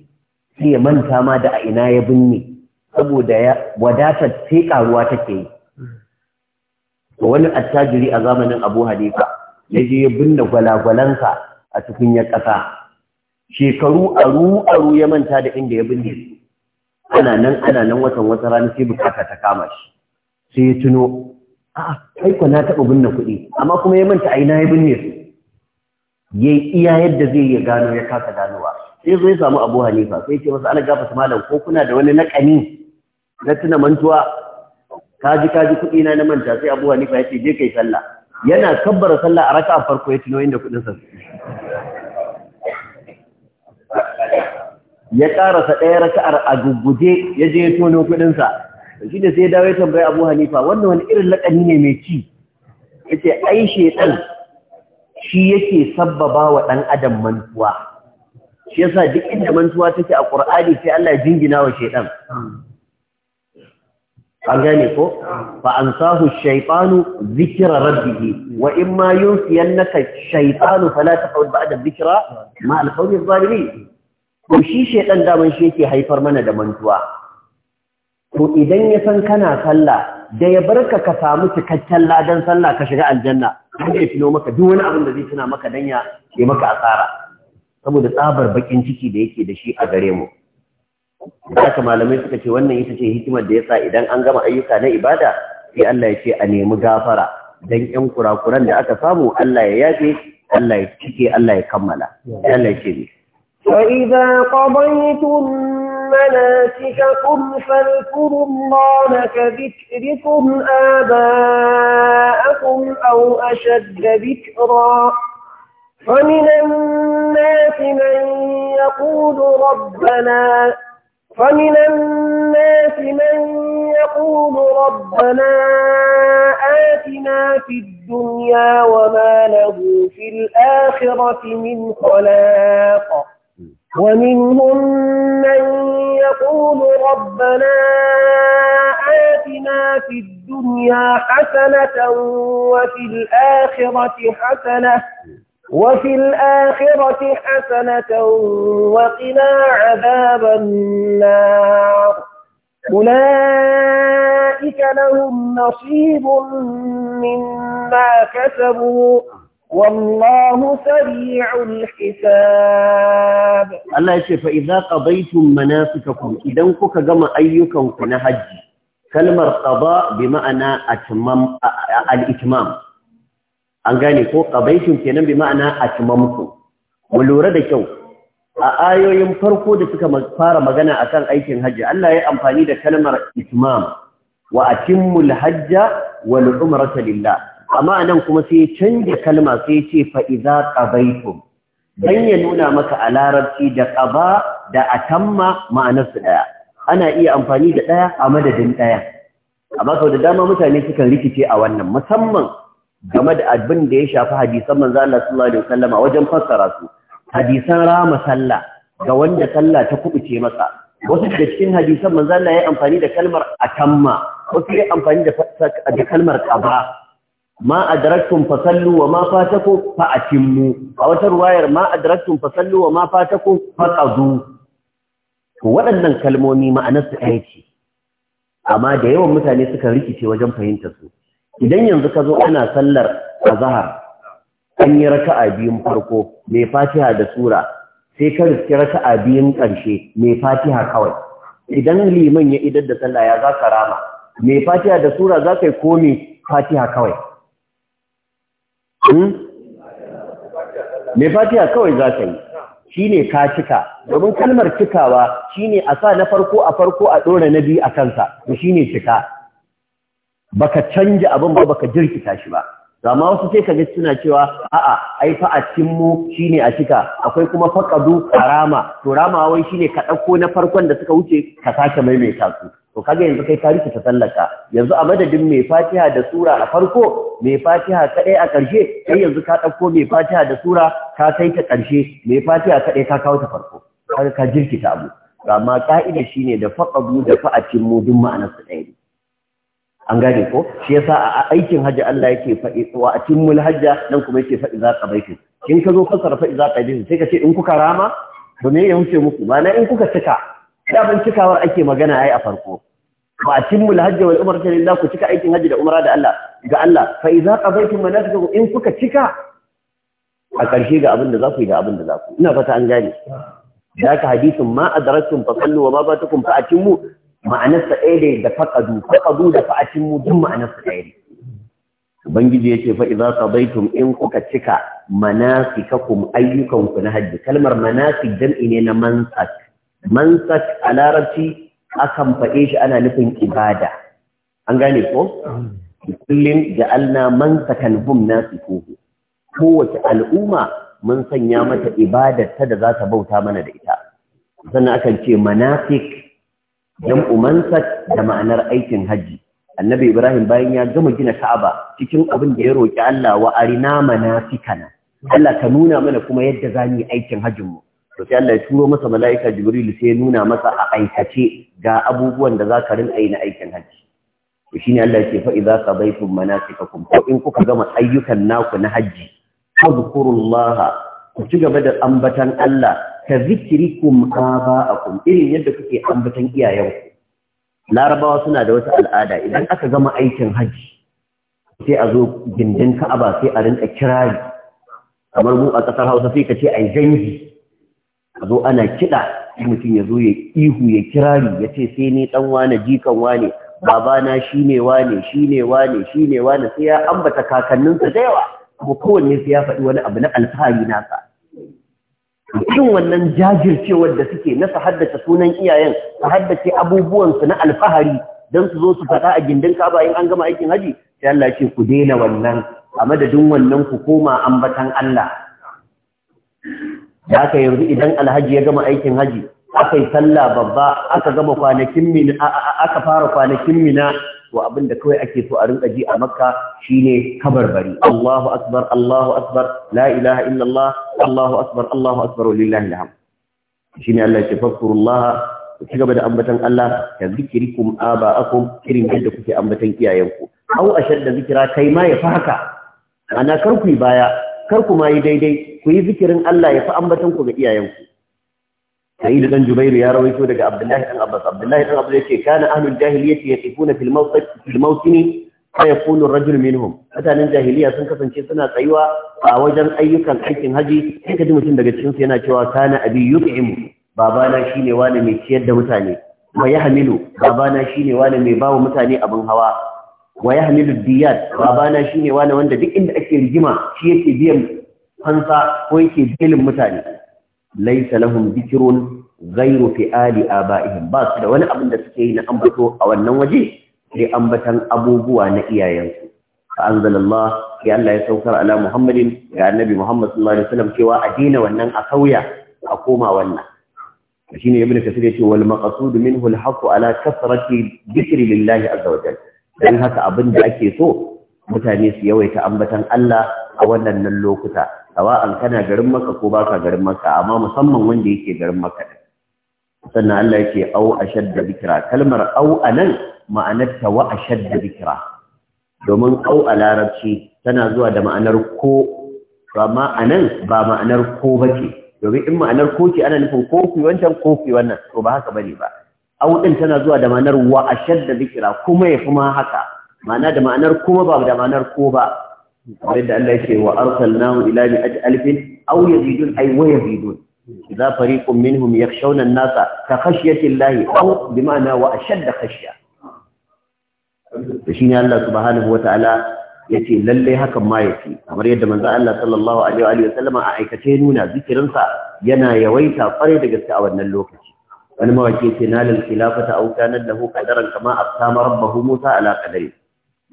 sai ya manta ma da a ina ya binne saboda ya wadatar sai karuwa take yi wani attajiri a zamanin abu hanifa ya je ya binne gwalagwalansa a cikin ya ƙasa shekaru aru aru ya manta da inda ya binne su ana nan ana nan watan wata rana sai bukata ta kama shi sai ya tuno a'a kai na taɓa binne kuɗi amma kuma ya manta a ina ya binne su ya yi iya yadda zai ya gano ya kasa ganowa sai zai samu abu hanifa sai ce masa su malam ko kuna da wani naƙani na tuna mantuwa kaji kaji kuɗi na na manta sai abu hanifa ya ce je kai sallah yana kabbara sallah a raka farko ya tuno inda kuɗin sa ya karasa ɗaya raka'ar a gugguje ya je ya tono kuɗinsa shi da sai dawo ya tambayi abu hanifa wannan wani irin laƙani ne mai ci ya ce ai shaitan shi yake sabbaba wa ɗan adam mantuwa shi yasa duk inda mantuwa take a Qur'ani sai Allah ya jingina wa shaytan an gane ko fa ansahu ash-shaytanu dhikra rabbih wa in imma yunsiyannaka ash-shaytanu fala taqud ba'da dhikra ma al-qawmi adh-dhalimin to shi shaytan daman shi yake haifar mana da mantuwa to idan ya san kana sallah da ya barka ka samu cikakken ladan sallah ka shiga aljanna har ya filo maka duk wani abin da zai tuna maka danya ya yi maka asara saboda tsabar bakin ciki da yake da shi a gare mu da haka malamai suka ce wannan ita ce hikimar da ya sa idan an gama ayyuka na ibada sai Allah ya ce a nemi gafara dan ƴan kurakuran da aka samu Allah ya yafe Allah ya cike Allah ya kammala Allah ya ce idza qadaytum مناسككم فاذكروا الله كذكركم آباءكم أو أشد ذكرا فمن الناس من يقول ربنا فمن الناس من يقول ربنا آتنا في الدنيا وما له في الآخرة من خلاق ومنهم من يقول ربنا آتنا في الدنيا حسنة وفي الآخرة حسنة وفي الآخرة حسنة وقنا عذاب النار أولئك لهم نصيب مما كسبوا والله سريع الحساب الله يشفى فإذا قضيتم مناسككم إذا كوكا جمع أيكم كنا حج كلمة قضاء بمعنى أتمام الإتمام أنقاني كو قضيتم كنا بمعنى أتمامكم ولورا دا كو آيوين فرقو دا سكا مغفارة مغانا أكان أيكين حج الله يأمفاني دا كلمة إتمام وأتم الحج والعمرة لله amma nan kuma sai canja kalma sai ce fa'iza ƙabaitum don ya nuna maka a larabci da ƙaba da atamma ma'anarsu ɗaya ana iya amfani da ɗaya a madadin ɗaya amma sau da dama mutane sukan rikice a wannan musamman game da abin da ya shafi hadisan manzo Allah sallallahu alaihi wasallam a wajen fassara su hadisan rama sallah ga wanda sallah ta kubuce masa wasu daga cikin hadisan manzo Allah ya amfani da kalmar atamma wasu ya amfani da kalmar ƙaba ma adraktum fasallu wa ma fatakum fa a wata ruwayar ma adraktum fasallu wa ma fatakum fa qadu to waɗannan kalmomi ma'anar su ɗaya ce amma da yawan mutane suka rikice wajen fahimta su idan yanzu ka zo ana sallar azhar an yi raka a biyun farko mai fatiha da sura sai ka riske a biyun ƙarshe mai fatiha kawai idan liman ya idar da sallaya za ka rama mai fatiha da sura za ka yi ko fatiha kawai mai hmm? Fatiya kawai za ka yi shi ne ka cika domin kalmar cikawa shi ne a sa na farko a farko a ɗora na biyu a kansa to shi ne cika Ba ka canja abin ba baka jirkita shi ba amma wasu sai ji suna cewa a'a ai fa a cimmu shine a cika akwai kuma faƙadu a rama. to rama wai ne ka ɗauko na farkon da suka wuce ka sake maimaita su to kaga yanzu kai ka ta sallaka yanzu a madadin mai fatiha da sura a farko mai fatiha kadai a karshe kai yanzu ka dauko mai fatiha da sura ka kai ta karshe mai fatiha kadai ka kawo ta farko kaga ka ta abu amma ka'ida shine da faqabu da fa'atin mu duk ma'anar su dai an gane ko shi yasa a aikin hajji Allah yake faɗi wa atimul hajja nan kuma yake faɗi za ka baiti kin ka zo ka faɗi za ka sai ka ce in kuka rama to me ya wuce muku ba na in kuka cika daban cikawar ake magana ya yi a farko ba a cin mul hajji wal umrata lillahi ku cika aikin hajji da umra da Allah ga Allah fa idza qadaytum manasikakum in kuka cika a ƙarshe ga abin da za ku yi da abin da za ku ina fata an gane da ka hadisin ma adraktum fa sallu wa ma batakum fa atimmu ma'anar sa ɗaya ne da faqadu faqadu da fa atimmu duk ma'anar sa ɗaya ubangiji yace fa idza qadaytum in kuka cika manasikakum ayyukanku na hajji kalmar manasik jam'i ne na mansak mansak a larabci akan faɗe shi ana nufin ibada an gane ko kullum da ja'alna mansakan hum nasikuhu kowace al'umma mun sanya mata ibadar ta da za ta bauta mana da ita sannan akan ce manafik dan umansak da ma'anar aikin haji annabi ibrahim bayan ya gama gina ka'aba cikin abin da ya roki Allah wa arina manafikana Allah ka nuna mana kuma yadda za mu yi aikin hajjin mu to sai Allah ya turo masa mala'ika Jibril sai ya nuna masa a aikace ga abubuwan da za ka rinka yi na aikin hajji to shine Allah yake fa idza qadaytum manasikakum ko in kuka gama ayyukan naku na hajji fadhkurullaha ku ci gaba da ambatan Allah ka zikirikum aba'akum irin yadda kuke ambatan iyayenku larabawa suna da wata al'ada idan aka gama aikin hajji sai a zo gindin Ka'aba sai a rinka kirari kamar mu a ƙasar Hausa sai ka ce yi jangi a zo ana kiɗa mutum ya zo ya ihu ya kirari ya ce sai ni ɗan wane jikan wane babana shi ne wane shi ne wane shi ne wane sai ya ambata kakanninsa da yawa kuma kowanne sai ya faɗi wani abu na alfahari nasa irin wannan jajircewar da suke na su haddace sunan iyayen su haddace abubuwansu na alfahari don su zo su faɗa a gindin kaba in an gama aikin haji sai Allah ce ku daina wannan a madadin wannan ku koma ambatan Allah da aka yanzu idan alhaji ya gama aikin haji aka yi sallah babba aka gama kwanakin mina aka fara kwanakin mina to abin da kawai ake so a rinka ji a makka shine kabarbari Allahu akbar Allahu akbar la ilaha Allah Allahu akbar Allahu akbar lillahi alhamd shine Allah ya tafakkurullah ku ci gaba da ambatan Allah ya zikirikum aba'akum irin yadda kuke ambatan iyayenku au ashadda zikira kai ma ya fa haka ana karku baya karku ma yi daidai ku yi zikirin Allah ya fi ambatan ku ga iyayenku Sa'idu dan Jubairu ya rawaito daga Abdullahi ɗan Abbas Abdullahi ɗan Abbas ce, kana ahlul jahiliyyati ya fil na fil mawsimi fa yaqulu rajul minhum mutanen jahiliya sun kasance suna tsayuwa a wajen ayyukan aikin haji sai ka ji mutum daga cikin su yana cewa kana abi yut'imu babana shine wani mai ciyar da mutane wa yahmilu babana shine wani mai bawa mutane abin hawa wa yahmilu diyat babana shine wani wanda duk inda ake rigima shi yake biyan fansa ko yake belin mutane laisa lahum dhikrun ghayru fi'ali aba'ihim ba su da wani abin da suke yi na ambato a wannan waje sai ambatan abubuwa na iyayensu anzalallah ya Allah ya saukar ala muhammadin ya annabi muhammad sallallahu alaihi wasallam cewa a dina wannan a kauya, a koma wannan shine ibnu kasir ya ce wal maqsud minhu al haqq ala kasrati dhikri lillahi azza wa jalla dan haka abin da ake so mutane su yawaita ambatan Allah a wannan nan lokuta an kana garin maka ko baka garin maka amma musamman wanda yake garin maka sannan Allah yake au ashad da bikira. kalmar au anan ta wa da bikira domin au a larabci tana zuwa da ma'anar ko Ba ma'anan ba ma'anar ko bace domin in ma'anar ko ce ana nufin ko ku wancan ko ku wannan to ba haka bane ba au din tana zuwa da ma'anar wa da bikira. kuma ya kuma haka ma'ana da ma'anar kuma ba da ma'anar ko ba wadda Allah ce wa arsalnahu ila bi alfin aw yazidun ay wa yazidun idza fariqun minhum yakhshawna an-nasa ka au llahi aw bima'na wa ashadda khashya shi ne Allah subhanahu wa ta'ala yace lalle hakan ma yake kamar yadda manza Allah sallallahu alaihi wa sallama a aikace nuna zikirinsa yana yawaita kwarai da gaske a wannan lokaci wani mawaki ce nalal khilafata aw kana lahu qadaran kama aqsama rabbahu musa ala qadari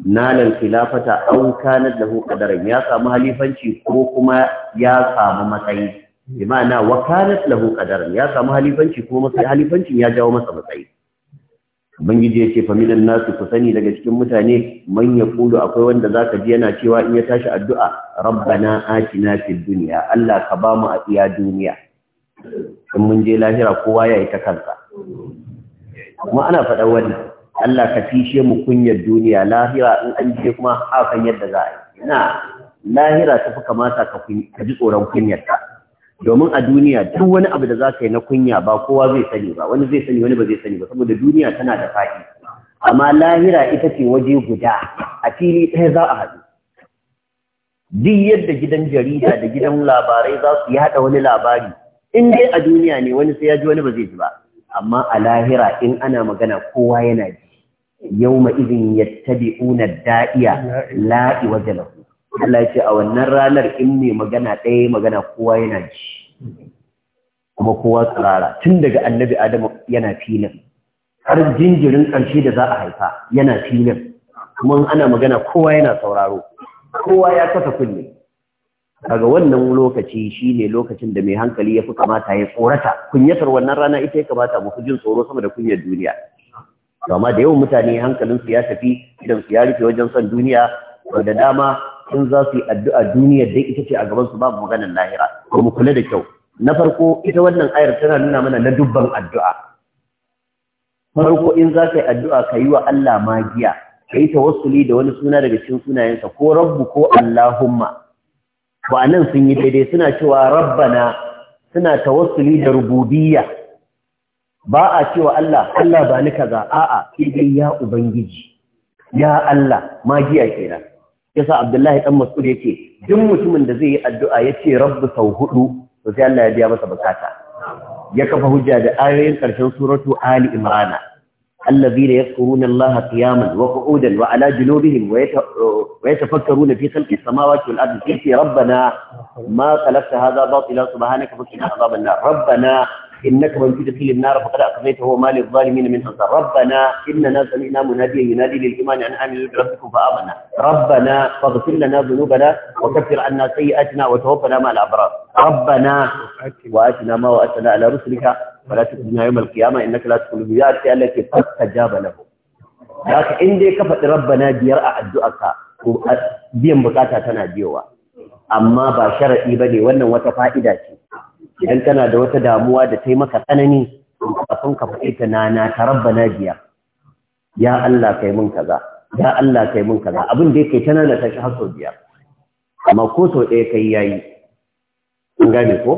nalal khilafata aw kana lahu qadaran ya samu halifanci ko kuma ya samu matsayi bi ma'ana wa kana lahu qadaran ya samu halifanci ko matsayi halifancin ya jawo masa matsayi ubangiji yace fa minan nasu ku sani daga cikin mutane man Kulu akwai wanda zaka ji yana cewa in ya tashi addu'a rabbana atina fid dunya Allah ka ba mu a iya duniya in mun je lahira kowa ya yi ta kansa kuma ana faɗa wani. Allah ka fishe mu kunyar duniya lahira in an je kuma hakan yadda za a yi na lahira tafi kamata ka ji tsoron kunyar ka domin a duniya duk wani abu da za ka yi na kunya ba kowa zai sani ba wani zai sani wani ba zai sani ba saboda duniya tana da faɗi amma lahira ita ce waje guda a fili ɗaya za a haɗu duk yadda gidan jarida da gidan labarai za su yaɗa wani labari in dai a duniya ne wani sai ya ji wani ba zai ji ba amma a lahira in ana magana kowa yana ji yawma idin unar da'iya la'i iwaja lahu Allah ya ce a wannan ranar in ne magana ɗaya magana kowa yana ji kuma kowa tsirara tun daga annabi Adamu yana filin har jinjirin ƙarshe da za a haifa yana filin kuma ana magana kowa yana sauraro kowa ya kasa kunne daga wannan lokaci shine lokacin da mai hankali ya fi kamata ya tsorata kunyatar wannan rana ita ya kamata mu fi jin tsoro sama da kunyar duniya Kama da yawan mutane hankalin su ya tafi idan su ya rufe wajen son duniya da dama sun za su yi addu'a duniyar dai ita ce a gaban su babu maganar lahira ko mu kula da kyau na farko ita wannan ayar tana nuna mana na dubban addu'a farko in za ka yi addu'a ka yi wa Allah magiya ka yi tawassuli da wani suna daga cikin sunayensa ko rabbu ko Allahumma ba nan sun yi daidai suna cewa rabbana suna tawassuli da rububiyya ba a cewa Allah, Allah bani kaza a'a idan ya Ubangiji, ya Allah, magiya kira. Yasa Abdullahi ɗan Masud yake, "Din mutumin da zai yi addu’a ya ce rabu sau hudu, to sai ya biya masa bukata." Ya kafa hujja da ayoyin ƙarshen suratu Ali Imrana, Allah zai da ya tsoro na Allah fiyaman wa ƙa’udan wa ala jinobihin wa ya tafakkaru na fitar ke sama wa kiwon abin ke ce, "Rabba na ma tsalasta ha ba su ila su ba hana kafa kina na, Rabba إنك من تدخل النار فقد أخزيته وما للظالمين من أنصار ربنا إننا سمعنا مناديا ينادي للإيمان أن آمنوا بربكم فآمنا ربنا فاغفر لنا ذنوبنا وكفر عنا سيئاتنا وتوفنا مع الأبرار ربنا وآتنا ما وآتنا على رسلك ولا تخزنا يوم القيامة إنك لا تخلو بذات التي فاستجاب له لكن إن دي كفت ربنا بيرأى الدعاء biyan bukata tana biyowa amma ba sharaɗi ba ne wannan wata fa'ida ce idan tana da wata damuwa da ta yi maka tsanani kafin ka faɗi ta nana ta rabba na biya ya Allah kai mun kaza ya Allah kai mun kaza abin da yake tana da tashi har sau biyar amma ko sau ɗaya kai yayi an gane ko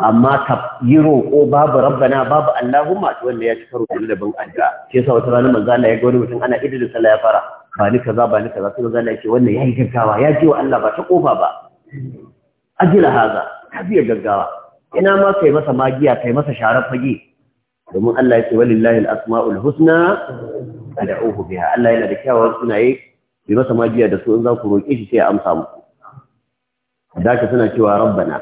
amma ka yi roƙo babu rabbana babu Allahumma to wanda ya ci karo da ban addu'a shi yasa wata rana manzo Allah ya ga wani mutum ana idda da sallah ya fara ba ni kaza ba ni kaza sai manzo Allah ya ce wannan yayi gaggawa ya ce wa Allah ba ta kofa ba ajira haza ka biya gaggawa ina ma kai masa magiya kai masa sharar fage domin Allah ya ce walillahi al-asma'ul husna ad'uhu biha Allah yana da kyawawan sunaye bi masa magiya da su in za ku roƙe shi sai ya amsa muku daga suna cewa rabbana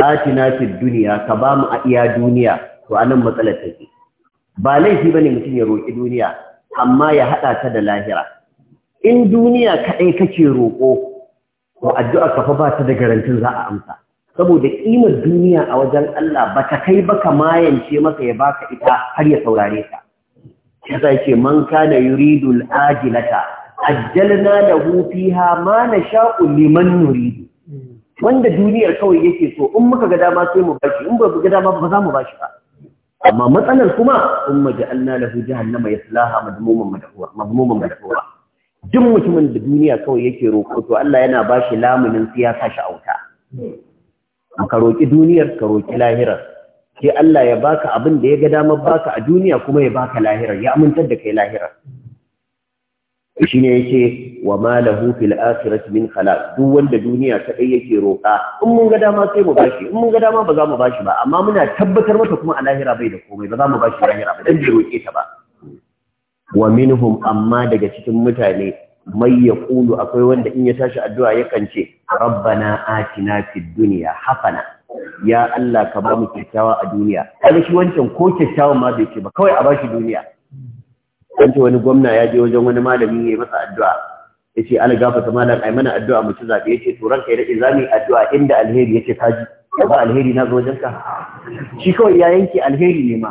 atina fid dunya ka ba mu a iya duniya to anan matsalar take ba laifi bane mutum ya roƙi duniya amma ya hada ta da lahira in duniya kadai kake roƙo to addu'a ka fa ba ta da garantin za a amsa saboda ƙimar duniya a wajen Allah ba ta kai ba ka mayance masa ya baka ita har ya saurare ka. Yasa ce man kana yuridu al-ajilata ajjalna lahu fiha ma nasha'u liman nuridu. Wanda duniyar kawai yake so in muka ga dama sai mu bashi in ba ga dama ba za mu bashi ba. Amma matsalar kuma in maja'alna lahu jahannama yaslaha madmuman madhura madmuman madhura. Duk mutumin da duniya kawai yake roƙo to Allah yana bashi lamunin siyasa shi auta. ka roƙi duniyar ka roƙi lahirar sai Allah ya baka abin da ya ga dama baka a duniya kuma ya baka lahirar ya amintar da kai lahirar shi ne yake wa ma lahu fil akhirati min khalaq duk wanda duniya ta dai yake roƙa in mun ga dama sai mu bashi in mun ga dama ba za mu bashi ba amma muna tabbatar mata kuma a lahira bai da komai ba za mu bashi lahira ba dan bai roƙe ta ba wa minhum amma daga cikin mutane mai ya kulu akwai wanda in ya tashi addu'a yakan ce rabbana atina fid duniya hafana. ya Allah ka ba mu kyakkyawa a duniya kaga shi wancan ko kyakkyawan ma bai ce ba kawai a bashi duniya an wani gwamna ya je wajen wani malami ya masa addu'a ya ce ala gafata malam ai mana addu'a mu ci zabe ya ce to ranka ya za mu yi addu'a inda alheri yake kaji ba alheri na zo ka? shi kawai ya yanke alheri ne ma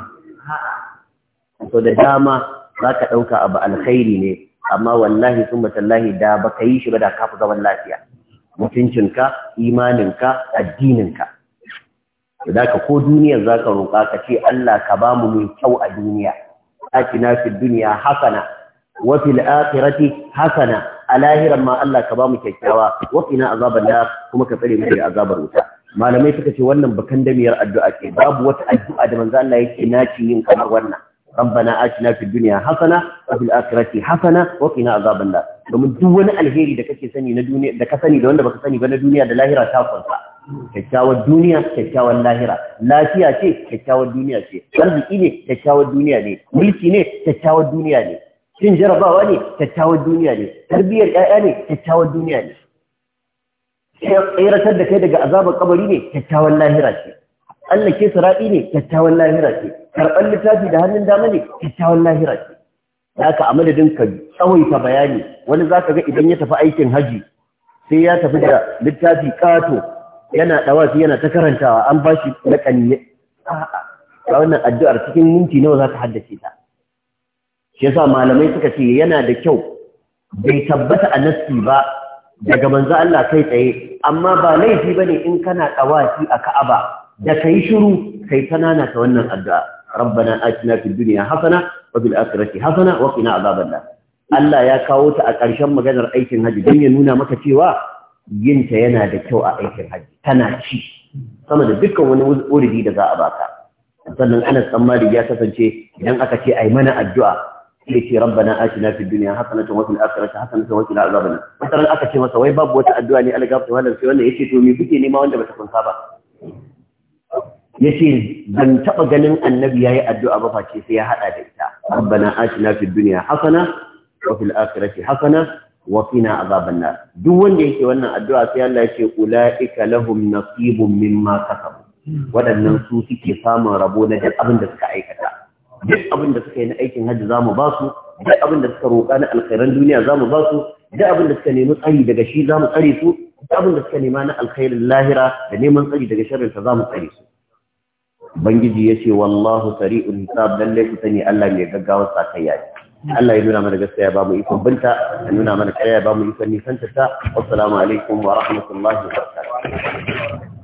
to da dama za ka ɗauka abu alheri ne amma wallahi sun batallahi da baka yi shi ba da kafa zaman lafiya mutuncinka imaninka addininka da ka ko duniyar za ka roƙa ka ce Allah ka ba mu mai kyau a duniya atina fi duniya hasana wa fil hasana a lahiran ma Allah ka ba mu kyakkyawa wa qina azaban da kuma ka tsare mu da azabar wuta malamai suka ce wannan bakan damiyar addu'a ce babu wata addu'a da manzo Allah yake naci yin kamar wannan rabbana atina fid dunya hasana wa fil akhirati hasana wa qina domin duk wani alheri da kake sani na duniya da ka sani da wanda baka sani ba na duniya da lahira ta kwanta kyakkyawar duniya kyakkyawar lahira lafiya ce kyakkyawar duniya ce arziki ne kyakkyawar duniya ne mulki ne kyakkyawar duniya ne cin jarabawa ne kyakkyawar duniya ne tarbiyyar ƴaƴa ne kyakkyawar duniya ne tseratar da kai daga azabar kabari ne kyakkyawar lahira ce Allah ke siraɗi ne kyakkyawan lahira ce karɓar littafi da hannun dama ne kyakkyawan lahira ce da ka a madadin ka tsawaita bayani wani za ka ga idan ya tafi aikin haji sai ya tafi da littafi ƙato yana ɗawafi yana ta karantawa an ba shi laƙani a wannan addu'ar cikin minti nawa za ka haddace ta shi yasa malamai suka ce yana da kyau bai tabbata a nassi ba daga manzo Allah kai tsaye amma ba laifi bane in kana ɗawafi a Ka'aba da yi shiru kai kanana ta wannan addu'a rabbana atina fid dunya hasana wa fil akhirati hasana wa qina azabannar Allah ya kawo ta a ƙarshen maganar aikin haji don ya nuna maka cewa yin ta yana da kyau a aikin haji tana ci sama da dukkan wani wuri da za a baka sannan Anas dan Malik ya kasance idan aka ce ai mana addu'a ce rabbana atina fid dunya hasana wa fil akhirati hasana wa qina azabannar masalan aka ce masa wai babu wata addu'a ne algafta wannan sai wannan yace to me kuke nema wanda bata kunsa ba Ya ce ban taɓa ganin annabi yi addu'a ba face sai ya haɗa da ita rabbana atina fid duniya hasana wa fil akhirati hasana wa qina azaban nar duk wanda yake wannan addu'a sai Allah yace ulaika lahum nasibun mimma kasabu wadannan su suke samun rabo na duk abin da suka aikata duk abin da suka yi na aikin hajji zamu ba su duk abin da suka roƙa na alkhairan duniya zamu ba su duk abin da suka nemi tsari daga shi za mu tsare su duk abin da suka nema na alkhairin lahira da neman tsari daga sharrin ta mu tsare su Bangiji ya ce wallahu sari'ul hisab lalle ku sani Allah mai gaggawar sakayya ne Allah ya nuna mana gaskiya ba mu ikon binta ya nuna mana kariya ba mu ikon nisanta ta assalamu alaikum wa rahmatullahi wa barakatuh